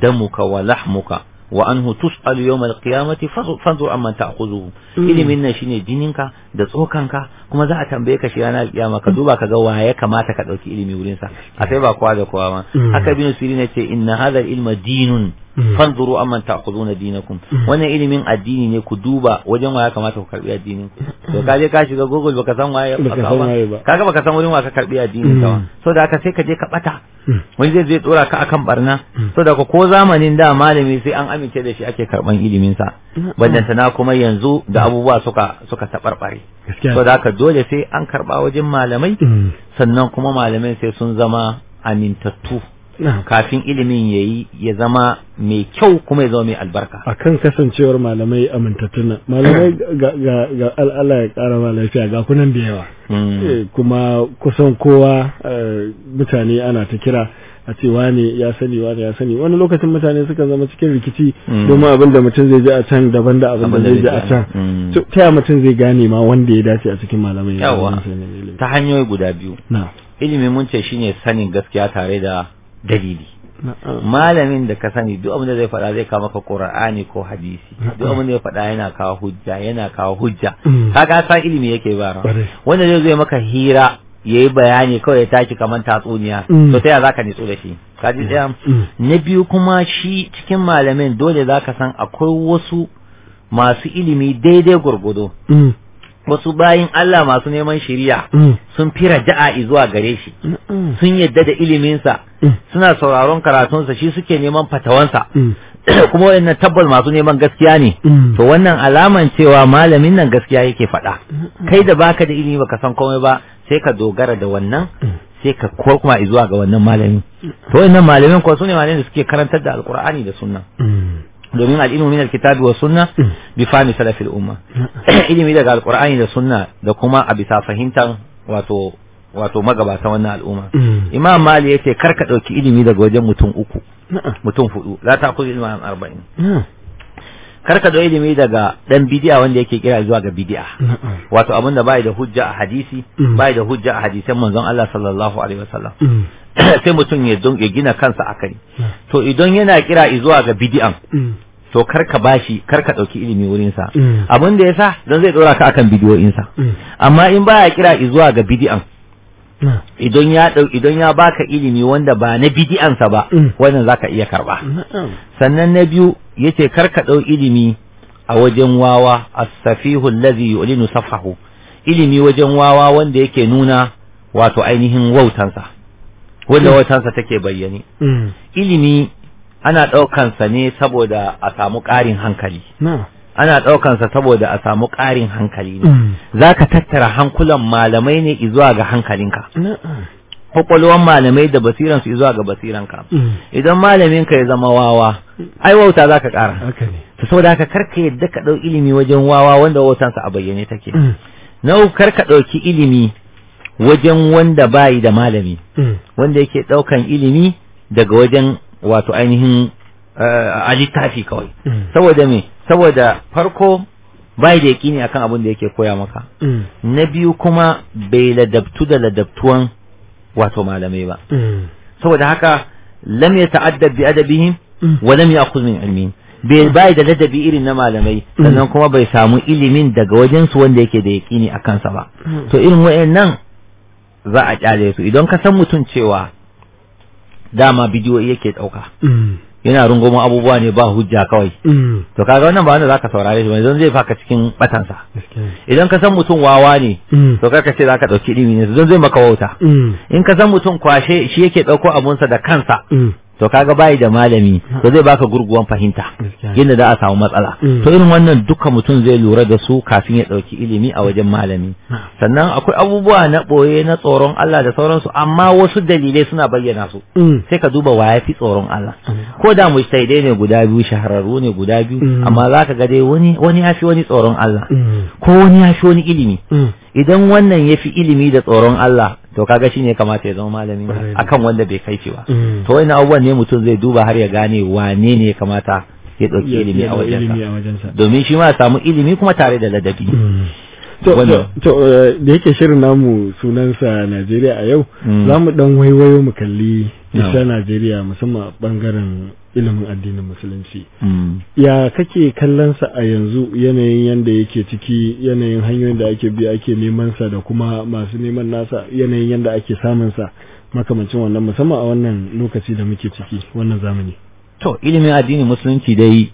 damuka wa lahmuka Wa وأنه تسأل يوم القيامة فانظر عمن تأخذه إلي منا شيني جنينك da tsokanka kuma za a tambaye ka shi ranar kiyama ka duba ka ga ya kamata ka ɗauki ilimi wurin sa a ba kowa da kowa ma haka bin sirri ne ce inna hadha ilma dinun Mm. fanzuru amman ta'khuduna dinakum mm. wannan ilimin addini ne ku duba wajen waya ya kamata ku karbi addinin ku to ka je ka shiga google baka san waye ba kaga baka san wurin wa ka karbi addinin ka mm. so da haka sai ka je ka bata wani zai zai tsora ka akan barna so da ko zamanin da malami sai an amince da shi ake karban ilimin sa sana kuma yanzu da abubuwa suka suka tabarbare so da haka dole sai an karba wajen malamai sannan kuma malamai sai sun zama amintattu kafin ilimin ya yi ya zama mai kyau kuma ya zama mai albarka A kan kasancewar malamai amintattuna malamai ga al'ala ya kara ma lafiya ga kunan da yawa hmm. eh, kuma kusan kowa eh, mutane ana ta kira a ce wane ya sani wane ya sani wani lokacin mutane suka zama cikin rikici hmm. domin abin da mutum zai ji a can daban da abin da zai ji a can hmm. ta mutum zai gane ma wanda ya dace a cikin malamai yawa ta hanyoyi guda biyu ilimin mun ce shine sanin gaskiya tare da dalili malamin da ka sani duk abin da zai faɗa zai kawo maka qur'ani ko hadisi duk abin da ya faɗa yana kawo hujja yana kawo hujja mm. kaga san ilimi yake bara wanda zai zai maka hira yayi bayani kawai ya tashi kamar tatsuniya mm. to sai ya zaka nitsu da shi kaji ɗaya mm. na biyu kuma shi cikin malamin dole zaka san akwai wasu masu ilimi daidai gurgudo wasu bayin Allah masu neman shiriya mm. sun fi raja'a zuwa gare shi mm. sun yadda da iliminsa mm. suna sauraron karatunsa shi suke neman fatawansa kuma wayannan tabbal masu neman gaskiya ne to wannan alaman cewa malamin nan gaskiya yake faɗa kai da baka da ilimi baka san komai ba sai ka dogara da wannan sai ka kuma zuwa ga wannan malami to wannan malamin ko su ne malamin da suke karantar da alkur'ani da sunna domin al'ilmu min alkitabi wa sunna hmm. bi fahmi salafil umma hmm. ilimi daga alqur'ani da sunna da kuma a bisa fahimtar wato wato magabata wannan al'umma hmm. imam mali yace kar ka dauki ilimi daga wajen mutum uku mutum hudu la ta ku ilmi arba'in kar ka zo ilimi daga dan bidi'a wanda yake kira zuwa ga bidi'a wato abin da bai da hujja a hadisi mm. bai da hujja a hadisan manzon Allah sallallahu alaihi wasallam mm. sai mutum ya don ya gina kansa akai mm. to idan yana kira zuwa ga bidi'an to kar ka bashi kar ka dauki ilimi wurin sa abin da yasa dan zai dora ka akan bidiyoyin sa amma in baya kira zuwa ga bidi'an idan ya idan ya baka ilimi wanda ba na sa ba wannan zaka iya karba sannan na biyu yace karka ɗau ilimi a wajen wawa as-safihu allazi yu'linu safahu ilimi wajen wawa wanda yake nuna wato ainihin wautansa wanda mm. wautansa take bayyane mm. ilimi ana daukan sa ne saboda a samu ƙarin hankali ana ɗaukansa sa saboda a samu ƙarin hankali ne mm. zaka tattara hankulan malamai ne zuwa ga hankalinka kwakwalwan malamai da basiran su zuwa ga basiran ka idan malamin ka ya zama wawa ai wauta zaka kara to saboda haka karka yadda ka dau ilimi wajen wawa wanda wautan sa a bayyane take mm. na karka dauki ilimi wajen wanda bayi da malami mm. wanda yake daukan ilimi daga wajen wato ainihin eh, a littafi kawai mm. saboda me saboda farko bai da yaƙini akan abin da yake koya maka na biyu kuma bai ladabtu da ladabtuwan wato malamai ba hmm. saboda haka lam yata'addab bi adabihim hmm. wa lam ya'khudh min ilmihim bai hmm. bai da ladabi irin na malamai sannan kuma bai samu ilimin daga wajen su wanda yake da yaƙini a kansa ba to irin wayannan za a kyale su idan ka san mutum cewa dama bidiyo yake dauka yana rungumin abubuwa ne ba hujja kawai mm. to kaga wannan ba wanda zaka saurare shi ba idan zai faka cikin batansa idan ka san mutum wawa ne mm. to ka ce zaka dauki ilimi ne don zai maka wauta mm. in ka san mutum kwashe shi yake dauko sa da kansa to kaga bai da malami to zai baka gurguwan fahimta yadda za a samu matsala mm. to irin wannan duka mutum zai lura da su kafin ya dauki ilimi a wajen malami sannan akwai abubuwa na boye na tsoron Allah da sauransu amma wasu dalilai suna bayyana su mm. sai ka duba wa yafi tsoron Allah mm. ko da dai ne guda biyu shahararru ne guda biyu amma zaka ga dai wani wani yafi wani tsoron Allah ko wani yafi wani ilimi idan wannan ya fi ilimi da tsoron Allah to kaga shi ne kamata ya zama malami akan wanda bai kai ba mm. to wani abubuwan ne mutum zai duba har ya gane wane ne ya kamata ya ɗauki ilimi a wajensa domin shi ma samu ilimi kuma tare da ladabi mm. to eh, da yake shirin namu sunansa Najeriya a yau mm. za mu dan waiwayo mu kalli isa Najeriya musamman bangaren ilimin addinin musulunci mm. ya kake kallonsa a yanzu yanayin yanda yake ciki yanayin hanyoyin da ake bi ake neman sa da kuma masu neman nasa yanayin yanda ake samun sa makamancin wannan musamman a wannan lokaci da muke ciki wannan zamani to ilimin addinin musulunci dai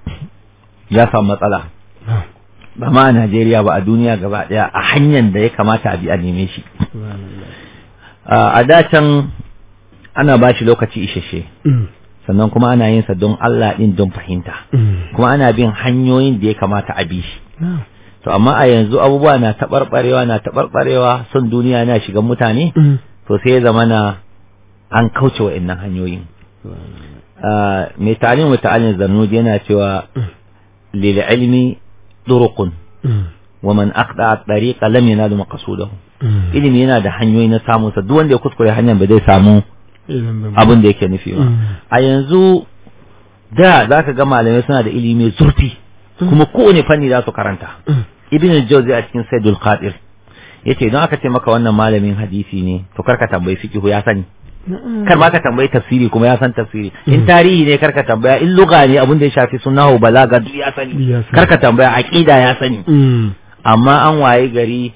ya samu matsala ba ma a Najeriya ba a duniya gaba daya a hanyar da ya kamata a bi a neme shi ah, a can ana ba shi lokaci isasshe mm. sannan kuma ana yin don Allah din don fahimta mm. kuma ana bin hanyoyin da ya kamata a bi shi to amma a yanzu abubuwa na taɓarɓarewa na taɓarɓarewa son duniya na shiga mutane mm. to sai ya zama na an kauce wa innan hanyoyin ah, mai ta'alin wa ta'alin zarnuji yana cewa lila ilmi طرق ومن أقطع الطريق لم ينال مقصوده ilimi yana da hanyoyi na samun sa duk wanda ya kuskure hanyar ba zai samu abin da yake nufi ba a yanzu da zaka ga malamai suna da ilimi zurfi kuma kowane fanni za su karanta ibn jawzi a cikin saidul qadir yace idan aka ce maka wannan malamin hadisi ne to karka tambayi fiqh ya sani kar ma ka tambayi tafsiri kuma ya san tafsiri in tarihi ne kar ka tambaya in lugha ne abin da ya shafi sunnahu balaga ya sani kar ka tambaya aqida ya sani mm. amma an waye gari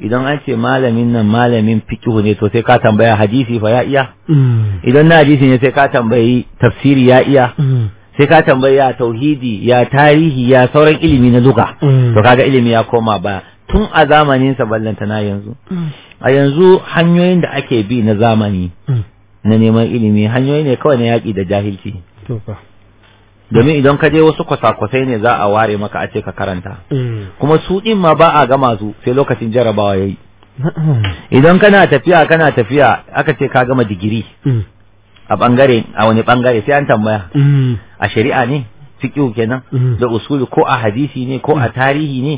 idan an ce malamin nan malamin fiqh ne to sai ka tambaya hadisi fa ya iya mm. idan na hadisi ne sai ka tambayi tafsiri ya iya mm. sai ka tambayi ya tauhidi ya tarihi ya sauran ilimi na lugha to kaga ilimi ya koma ba tun a zamanin sa ballantana yanzu a yanzu hanyoyin da ake bi na zamani mm. na neman ilimi hanyoyi ne kawai na yaƙi da jahilci domin idan ka je wasu kwasa-kwasai ne za a ware maka a ce ka karanta mm. kuma su ɗin ma ba a gama su sai lokacin jarabawa ya yi idan kana tafiya kana tafiya aka ce ka gama digiri mm. a bangare a wani bangare sai an tambaya a shari'a ne fiqh kenan da usuli ko a hadisi ne ko a tarihi ne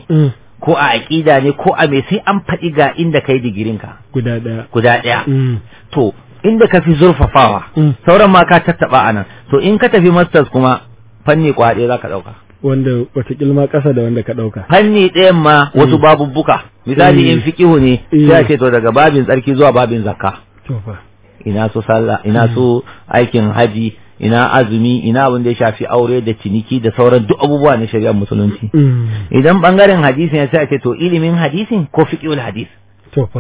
ko a aƙida ne ko a me sai an faɗi ga inda kai digirin ka guda ɗaya guda ɗaya mm. to inda ka fi zurfafawa mm. sauran ma ka tattaɓa a nan to in ka tafi masters kuma fanni kwaɗe za ka ɗauka wanda watakila ma ƙasa da wanda ka ɗauka. Fanni ɗayan ma wasu mm. babubbuka. Misali in fiƙihu ne sai ce to daga babin tsarki zuwa babin zakka. Ina so sallah, ina so aikin haji, ina azumi ina abin da ya shafi aure da ciniki da sauran duk abubuwa na shari'ar musulunci mm. idan bangaren hadisin ya sai ce to ilimin hadisin ko fiqhul hadis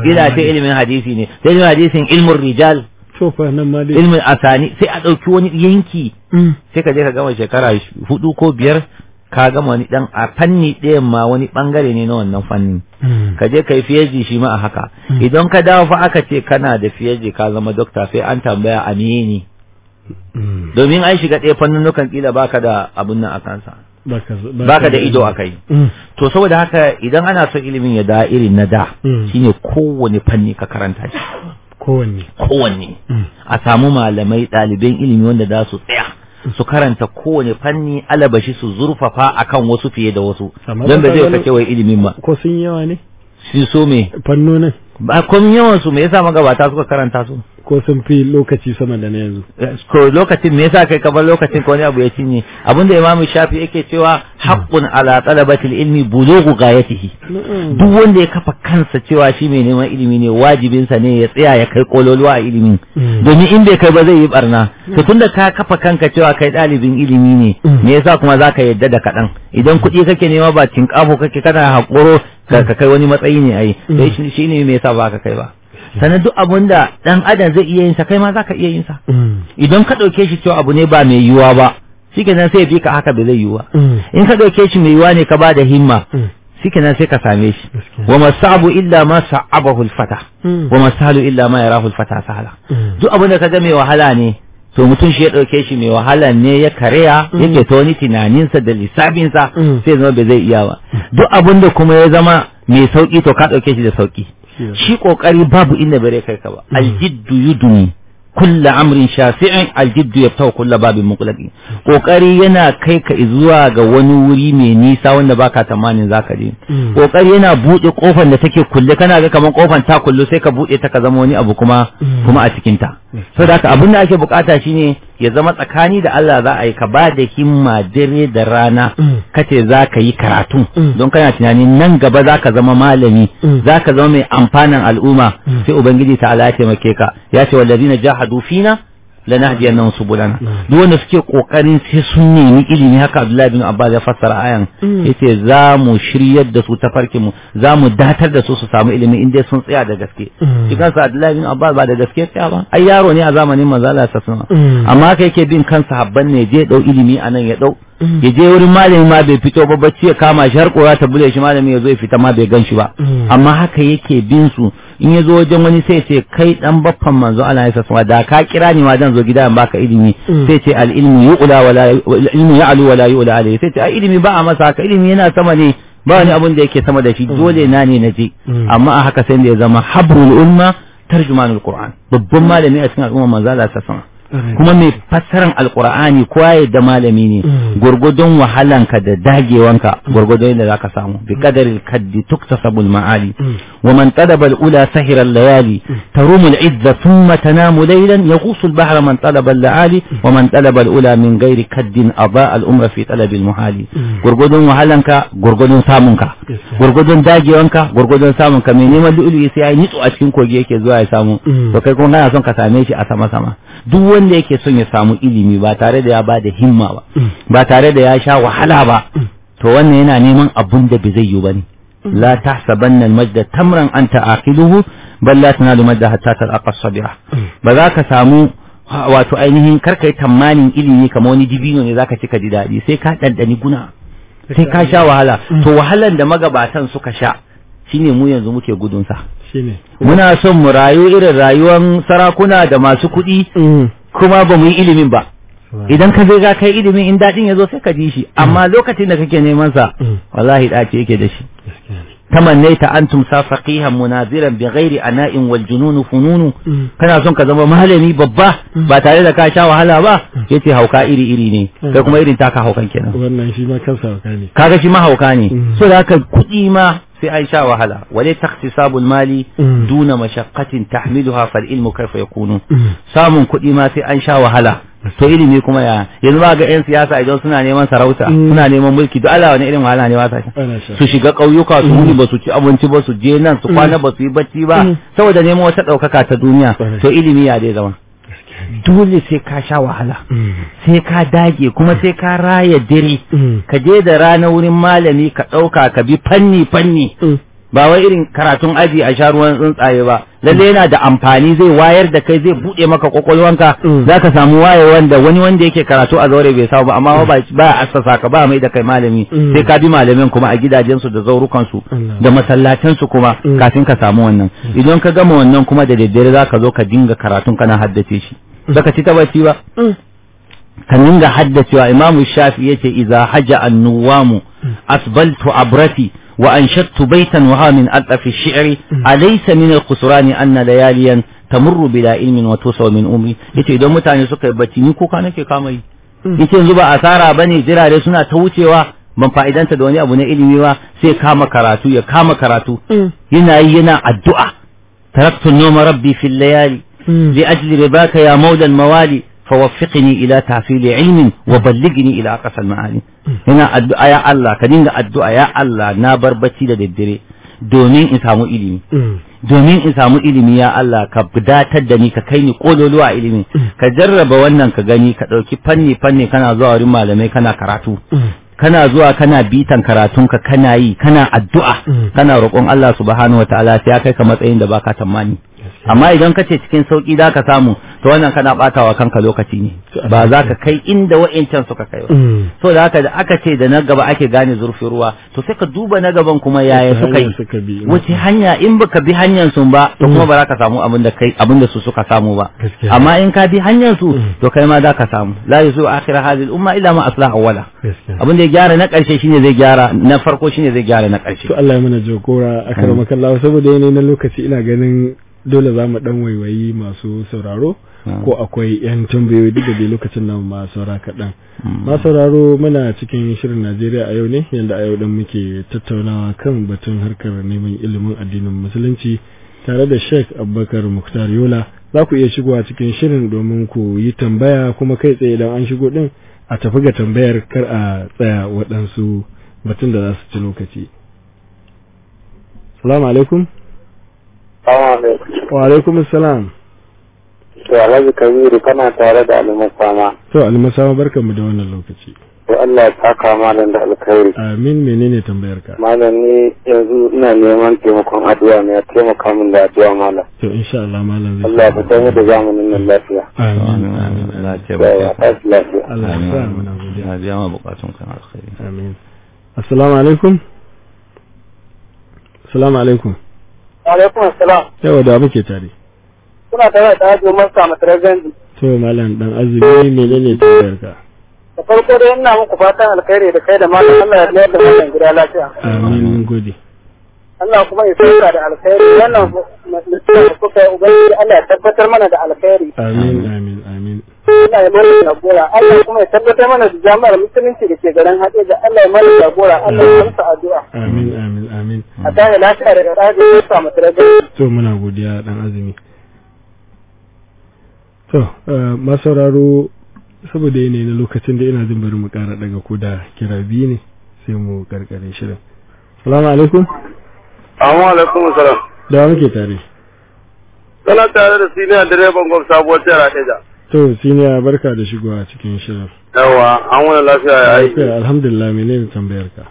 ila ce ilimin hadisi ne sai ilimin hadisin ilmun rijal to fa nan ma ilmin asani sai a dauki wani yanki mm. sai ka je ka gama shekara hudu ko biyar ka gama wani dan a fanni ɗaya ma wani bangare ne na wannan fanni mm. ka je kai fiyeji shi ma a haka idan ka dawo fa aka ce kana da fiyeji ka zama dokta sai an tambaya a ne domin an shiga ɗaya fannunukan kila baka da abun nan a kansa baka da ido a kai mm. to saboda haka idan ana son ilimin ya da irin na da mm. shine kowane fanni ka karanta shi kowanne kowanne mm. a samu malamai ɗaliban ilimi wanda za su tsaya su karanta kowane fanni alabashi su zurfafa akan wasu fiye da wasu don da zai kake wai ilimin ma ko sun yawa ne sun so me fannonin ba kun yawan su me yasa magabata suka karanta su ko sun fi lokaci sama da na yanzu eh, ko lokacin me yasa kai kamar lokacin ko wani abu ya cinye abinda imam shafi yake cewa haqqun ala talabatil ilmi ya ghayatihi duk wanda ya kafa kansa cewa shi mai neman ilimi ne wajibinsa ne ya tsaya ya kai kololuwa a ilimi. Mm. domin in bai kai ba zai yi barna to mm. tunda ka kafa kanka cewa kai ɗalibin ilimi ne mm. me yasa kuma zaka yadda da kaɗan. idan kuɗi kake nema ba tinkafo kake kana hakoro ka kai wani matsayi ne ai shi ne me yasa ba ka kai ba sannan duk abun da dan adam zai iya yin kai ma zaka iya yin mm. idan ka ɗauke shi cewa abu ne ba mai yiwuwa ba shikenan sai bi ka haka bai zai yiwuwa mm. in ka ɗauke shi mai yiwuwa ne ka ba da himma mm. shikenan sai ka same shi wa masabu illa ma sa'abahu al wa masalu illa ma yarahu al-fata sahala duk abun da ka ga mai wahala ne to mutum shi ya ɗauke shi mai wahala ne ya karya yake ta wani tunaninsa da lissafinsa sai zama bai zai iya ba duk abin da kuma ya zama mai sauki to ka ɗauke shi da sauki. shi kokari babu inda bare kai ka ba mm. aljiddu yudumi kulla amrin shafi'in aljiddu ya fita kulla babin mukulaki kokari yana kai ka zuwa ga wani wuri mai nisa wanda baka tamanin ka je kokari mm. yana buɗe kofar da take kulle kana ga kamar kofar ta kullu sai ka buɗe ta ka zama wani abu kuma mm. kuma a cikin ta so da abin da ake bukata shine ya zama tsakani da Allah za a yi ka ba da himma dare da rana mm. kace za ka yi karatu don kana tunanin nan gaba za ka zama malami za ka zama mai amfanin al'umma sai ubangiji ta Allah ya taimake ka ya ce wallazina jaha jahadu fina lanahdiyannahum subulana duk wanda suke kokarin sai sun nemi ilimi haka Abdullahi bin Abbas ya fassara ayan mm. yace zamu mu shiryar da su ta farkin mu zamu datar da su su samu ilimi in dai sun tsaya da gaske Kika mm. kansa Abdullahi bin Abbas ba da gaske tsaya ba ai yaro ne a zamanin manzo Allah mm. amma kai yake bin kansa habban ne je dau ilimi anan ya dau ya je wurin malami ma bai fito ba bacci ya kama shi har kora ta bule shi malami ya zo ya fita ma bai gan shi ba mm. amma haka yake bin su in ya zo wajen wani sai ce kai dan baffan manzo Allah ya sassuwa da ka kira ni ma zan zo gida in baka ilimi mm. sai ce al ilmi yu'la wala ilmi ya'lu wala yu'la alayhi sai ce ilimi ba a masa haka ilimi yana sama ne ba wani abun da yake sama da shi mm. dole na ne na je amma a haka sai da ya zama habrul umma tarjumanul qur'an babban malami a cikin al'umma manzo Allah ya sama. kuma mai fassaran alkur'ani kowa ya da malami ne mm. gurgudun wahalanka da dagewanka mm. gurgudun yadda zaka samu bi mm. qadaril kaddi tuktasabu maali wa man talaba al-ula sahira al-layali tarumu al-izza thumma tanamu laylan yaghusu al-bahra man talaba al-laali wa man talaba al-ula min ghairi kaddin aba al-umra fi talab al-muhali gurgudun wahalanka gurgudun samunka gurgudun dagewanka gurgudun samunka mai neman lu'lu'i sai ya nitsu a cikin kogi yake zuwa ya samu to kai kuma kana son ka same shi a sama sama duk wanda yake son ya samu ilimi ba tare da ya ba da himma ba mm. ba tare da ya sha wahala ba mm. to wannan yana neman abun da bai zai yi bane mm. la tahsabanna al tamran anta aqiluhu bal la tanalu madda hatta talaqa sabira ba za ka samu wato ainihin karkai tamanin ilimi kamar wani dibino ne zaka ci ka ji daɗi sai ka ɗanɗani guna sai ka sha wahala to wahalan da magabatan suka sha ne mu yanzu muke gudun sa muna son mu rayu irin rayuwar sarakuna da masu kuɗi mm. kuma ba mu yi ilimin ba idan ka je ga kai ilimin in daɗin ya zo sai ka ji shi amma mm. lokacin da kake neman sa mm. wallahi ɗaci yake da shi تمنيت أن تمسى فقيها مناظرا a أناء والجنون fununu. Kana son ka zama malami babba ba tare da ka sha wahala ba yace hauka iri iri ne kai kuma irin taka haukan kenan wannan shi ma kansa hauka ne kaga shi ma hauka ne so da haka kuɗi ma sai an sha wahala wale takhsisabul mali mm. duna mashaqqatin tahmiluha fal ilmu kaifa kunu mm. samun kuɗi ma sai an sha wahala to ilimi kuma ya yanzu ba ga 'yan siyasa idan suna neman sarauta mm. suna neman mulki duk wani irin wahala ne ba su shiga ƙauyuka su wuni ba su ci abinci ba su je nan su kwana ba su yi bacci ba saboda neman wata ɗaukaka ta duniya to ilimi ya dai zama dole sai ka sha wahala mm. sai ka dage kuma sai ka raya dare mm. ka je da rana wurin malami ka ɗauka ka bi fanni fanni mm. ba wai irin karatun aji a sha ruwan tsuntsaye ba lalle yana da amfani zai wayar da kai zai buɗe maka kwakwalwanka za ka samu waye wanda wani wanda yake karatu a zaure bai samu ba amma ba a asasa ka ba mai da kai malami sai ka bi malamin kuma a gidajensu da zaurukansu da masallatansu kuma kafin ka samu wannan idan ka gama wannan kuma da daddare za ka zo ka dinga karatun kana haddace shi baka ci taba ci ba ka dinga haddacewa imamu shafi yace idza haja annuwamu asbaltu abrati wa anshattu baitan wa min atlafi shi'ri alaysa min alqusrani anna layaliyan tamurru bila ilmin wa tusaw min umri yace idan mutane suka yi bacci ni kuka nake kama yi yace yanzu ba asara bane jirare suna ta wucewa ban fa'idanta da wani abu na ilimi ba sai kama karatu ya kama karatu yana yi yana addu'a taraktu noma rabbi fil layali لأجل رباك يا مولى الموالي فوفقني إلى تحصيل علم وبلغني إلى أقصى المعالي هنا الدعاء يا الله كدين الدعاء يا الله نابر بتي لددري domin in samu ilimi domin in samu ilimi ya Allah ka datar da ni ka kai ni kololuwa ilimi ka jarraba wannan ka gani ka ɗauki fanni fanni kana zuwa wurin malamai kana karatu kana zuwa kana bitan karatun ka kana yi kana addu'a kana roƙon Allah subhanahu wataala sai ya kai ka matsayin da baka tamani amma idan ka ce cikin sauki za ka samu to wannan kana batawa kanka lokaci ne ba za ka kai inda wa'incan suka kai ba mm. so da haka da aka ce da na gaba ake gane zurfin ruwa to sai ka duba na gaban kuma yaya suka yi wace hanya in baka bi hanyar su ba to kuma mm. ba za ka samu abin da kai abin da su suka samu ba amma in ka bi hanyar su mm. to kai ma za ka samu la yuzu akhir hadhihi umma illa ma aslah awwala abin da ya gyara na karshe shine zai gyara na farko shine zai gyara na karshe to Allah ya mana jokora akramakallahu saboda na lokaci ina ganin dole za mu dan waiwayi masu sauraro hmm. ko akwai yan tambayoyi duk da lokacin nan ma saura kaɗan. Hmm. Ma sauraro muna cikin shirin Najeriya a yau ne yadda a yau dan muke tattaunawa kan batun harkar neman ilimin addinin musulunci tare da Sheikh Abubakar Muktar Yola za ku iya shigowa cikin shirin domin ku yi tambaya kuma kai tsaye idan an shigo din a tafi ga tambayar kar a tsaya waɗansu batun da za su ci lokaci. Salamu alaikum. Wa salam. To Alhaji Kabiru kana tare da Almusama. To Almusama barkanmu da wannan lokaci. To Allah ya malam da alkhairi. Amin menene tambayar ka? Malam ne yanzu ina neman taimakon addu'a ne ya taimaka min da addu'a malam. To insha Allah malam zai. Allah ya da zamanin nan lafiya. Amin amin. Allah ya taimaka. Allah ya mu Alaikum salam. Yawa da muke tare. Kuna tare da Hajo Masta Mataragandi. To malam dan azumi menene tambayar ka? Da farko dai ina muku fatan alkhairi da kai da malam Allah ya biya da malam gida lafiya. Amin mun gode. Allah kuma ya saka da alkhairi wannan mutum da kuka yi ubangiji Allah ya tabbatar mana da alkhairi amin amin amin Allah ya mallaka jagora Allah kuma ya tabbatar mana da jami'ar musulunci da ke garin haɗe da Allah ya mallaka jagora Allah ya amsa addu'a amin amin amin a tare lafiya daga tsaje ya samu tarabi to muna godiya dan azumi to eh, masauraro saboda ne na lokacin da ina jin bari mu kara daga ko da kira biyu ne sai mu karkare shirin salamu alaikum Assalamu alaikum salam. Da muke tare. Kana tare da siniya direban gwam sabuwar tara Eja. To siniya barka da shigowa cikin shirin. Yawa an wani lafiya ya yi. Lafiya alhamdulillah menene tambayar ka?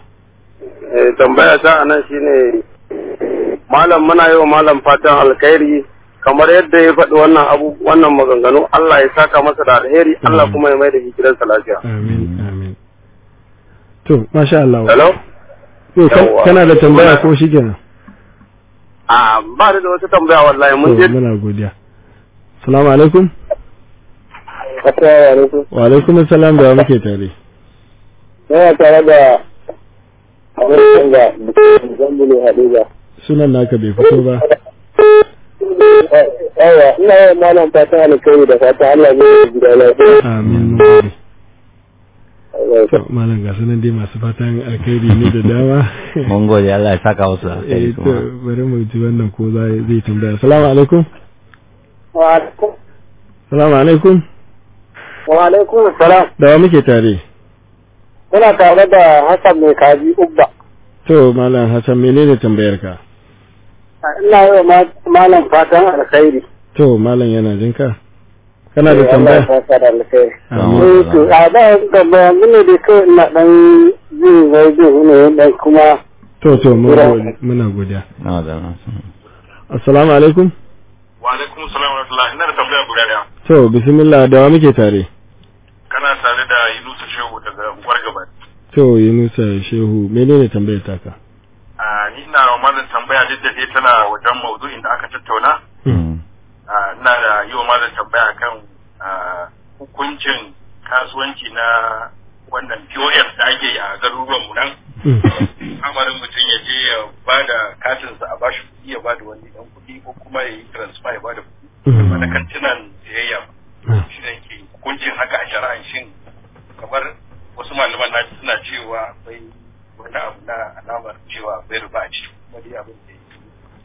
Eh tambaya ta anan shine malam muna yi wa malam fatan alkhairi kamar yadda ya faɗi wannan abu wannan maganganu Allah ya saka masa da alheri Allah kuma ya mai da gidansa lafiya. Amin amin. To masha Allah. Hello. To kana da tambaya ko shi kenan? a ba da wata tambaya wallahi mun je muna godiya assalamu alaikum assalamu alaikum wa alaikum salam da muke tare ina tare da abokin da zambulu hadiza sunan naka bai fito ba Aiwa, ina yawan malam fatan alkhairi da fatan Allah ya gida lafiya. Amin. malam ga sanan dai masu fatan alkhairi ne da dama mun gode Allah ya saka musu eh, alkhairi kuma bari mu ji wannan ko zai tambaya assalamu alaikum wa alaikum assalamu alaikum wa alaikum assalam da wa muke tare muna tare da Hassan mai kaji Uba. to malam Hassan menene tambayar ka ina yi wa malam fatan alkhairi to malam yana jinka kana da eh, tambaya ah, eh, to a da tambaya mune da kai ina dan jin radio ne dan kuma to to muna godiya assalamu alaikum wa alaikum assalam wa rahmatullahi ina da tambaya guda daya to bismillah da wa muke tare kana tare da Yunusa Shehu daga unguwar Gabas to Yunusa Shehu menene tambayar taka a ah, ni ina wa malam tambaya duk da tana wajen maudu'in da aka tattauna hmm. Ah, na da yi wa tambaya kan ah, hukuncin kasuwanci na wannan POF da ake yi a garuruwan mu nan hmm. amarin mutum ya je ya ba da katinsa a bashi kuɗi ya ba da wani ɗan kuɗi ko kuma ya yi transfer ya hmm. ba da kuɗi ba da kantinan siyayya shi ne ke hukuncin haka a shari'a shin kamar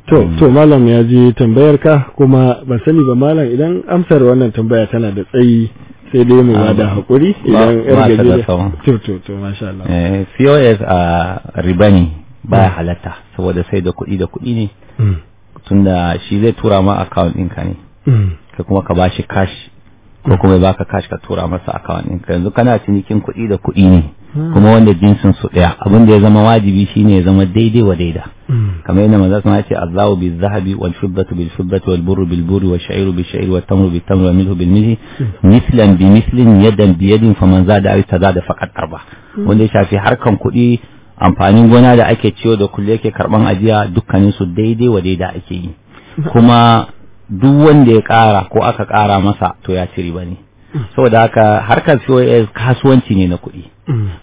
to to malam ya je tambayar ka kuma ban sani ba malam idan amsar wannan tambaya tana da tsayi sai dai mu bada hakuri idan yar gaje to to to masha Allah eh a ah, riba ba hmm. halatta saboda sai da kuɗi da kuɗi ne hmm. tunda shi zai tura ma account ɗinka ne hmm. ka kuma ka bashi cash ko kuma ya baka kashi ka tura masa account ɗinka yanzu kana cinikin kuɗi da kuɗi ne hmm. kuma wanda jinsin su ɗaya abin da ya zama wajibi shine ya zama daidai wa daida hmm. kamar yadda maza suna ce azawu bi zahabi wal fiddatu bil fiddati wal burru bil burri wa sha'iru bi sha'iri wat tamru bil tamri wal milhu bil milhi hmm. mislan bi mislin yadan bi yadin faman zada aw tazada faqad arba wanda ya shafi harkan kuɗi amfanin gona da ake ciwo da kulle yake karban ajiya dukkanin su daidai wa daida ake yi kuma duk wanda ya kara ko aka kara masa to ya ci riba ne saboda haka harkar COS kasuwanci ne na kuɗi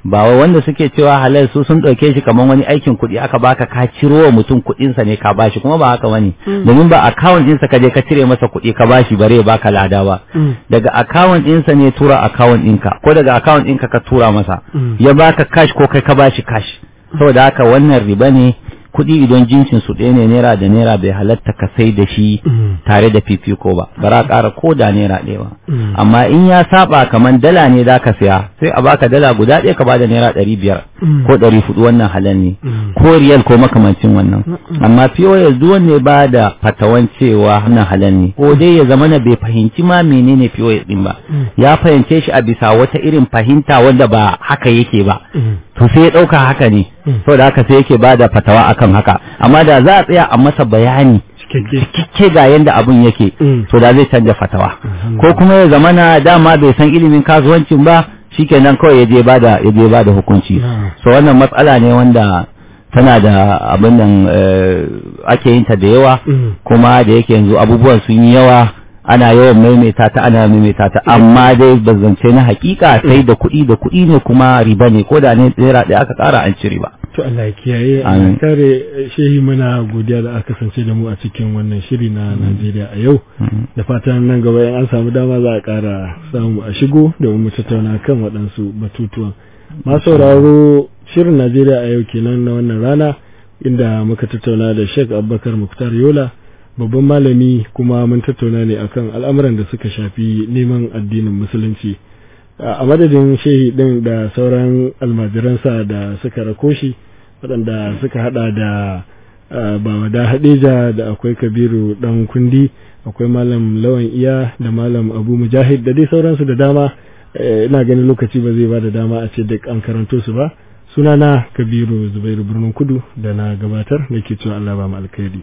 ba wai wanda suke cewa halal su sun ɗauke shi kamar wani aikin kuɗi aka baka ka ciro wa mutum kuɗinsa ne ka bashi kuma ba haka bane hmm. domin ba akawun ɗinsa ka je ka cire masa kuɗi ka bashi bare ba ka lada ba hmm. daga akawun ɗinsa ne tura akawun ɗinka ko daga akawun ɗinka ka tura masa hmm. ya baka cash ko kai ka bashi cash saboda haka wannan riba ne kuɗi idan jinsin su ɗaya ne naira da naira bai halatta ka sai da shi mm. tare da fifiko ba ba za ƙara ko da naira ɗaya ba mm. amma in ya saba kamar dala ne za ka saya sai a baka dala guda ɗaya ka ba da naira ɗari biyar mm. ko ɗari hudu wannan halal ne ko riyal ko makamancin wannan amma POS duk ne ba da fatawan cewa wannan halal ne ko dai ya zama na bai fahimci ma menene POS ɗin ba ya fahimce shi a bisa wata irin fahimta wanda ba haka yake ba to sai ya ɗauka haka ne hmm. saboda haka sai yake bada fatawa akan haka amma da za a tsaya a masa bayani cikakke ga yanda abun yake hmm. to da zai canja fatawa hmm. ko kuma ya zamana dama bai san ilimin kasuwancin ba shikenan kawai ya je ba da ya je ba da hukunci so wannan matsala ne wanda tana da abin nan eh, ake yin ta da yawa kuma da yake yanzu abubuwan sun yi yawa ana yawan maimaita ta ana maimaita ta amma dai ba zance na hakika sai da kuɗi da kuɗi ne kuma riba ne ko da ne naira ɗaya aka ƙara an ci riba to Allah ya kiyaye an kare shehi muna godiya da aka kasance da mu a cikin wannan shiri na mm. Najeriya a yau mm. da fatan nan gaba in an samu dama za a ƙara samu a shigo da mu tattauna kan waɗansu batutuwan Ma sauraro shirin Najeriya a yau kenan na wannan rana inda muka tattauna da Sheikh Abubakar Muktar Yola babban malami kuma mun tattauna ne akan al'amuran da suka shafi neman addinin musulunci a madadin shehi din da sauran almajiransa da suka rako shi waɗanda suka hada da da hadeja da akwai kabiru dan kundi akwai malam lawan iya da malam abu mujahid da dai sauransu da dama e, ina ganin lokaci ba zai ba da dama a ce duk an karanto su ba sunana kabiru zubairu birnin kudu da na gabatar ke cewa allah ba mu alkhairi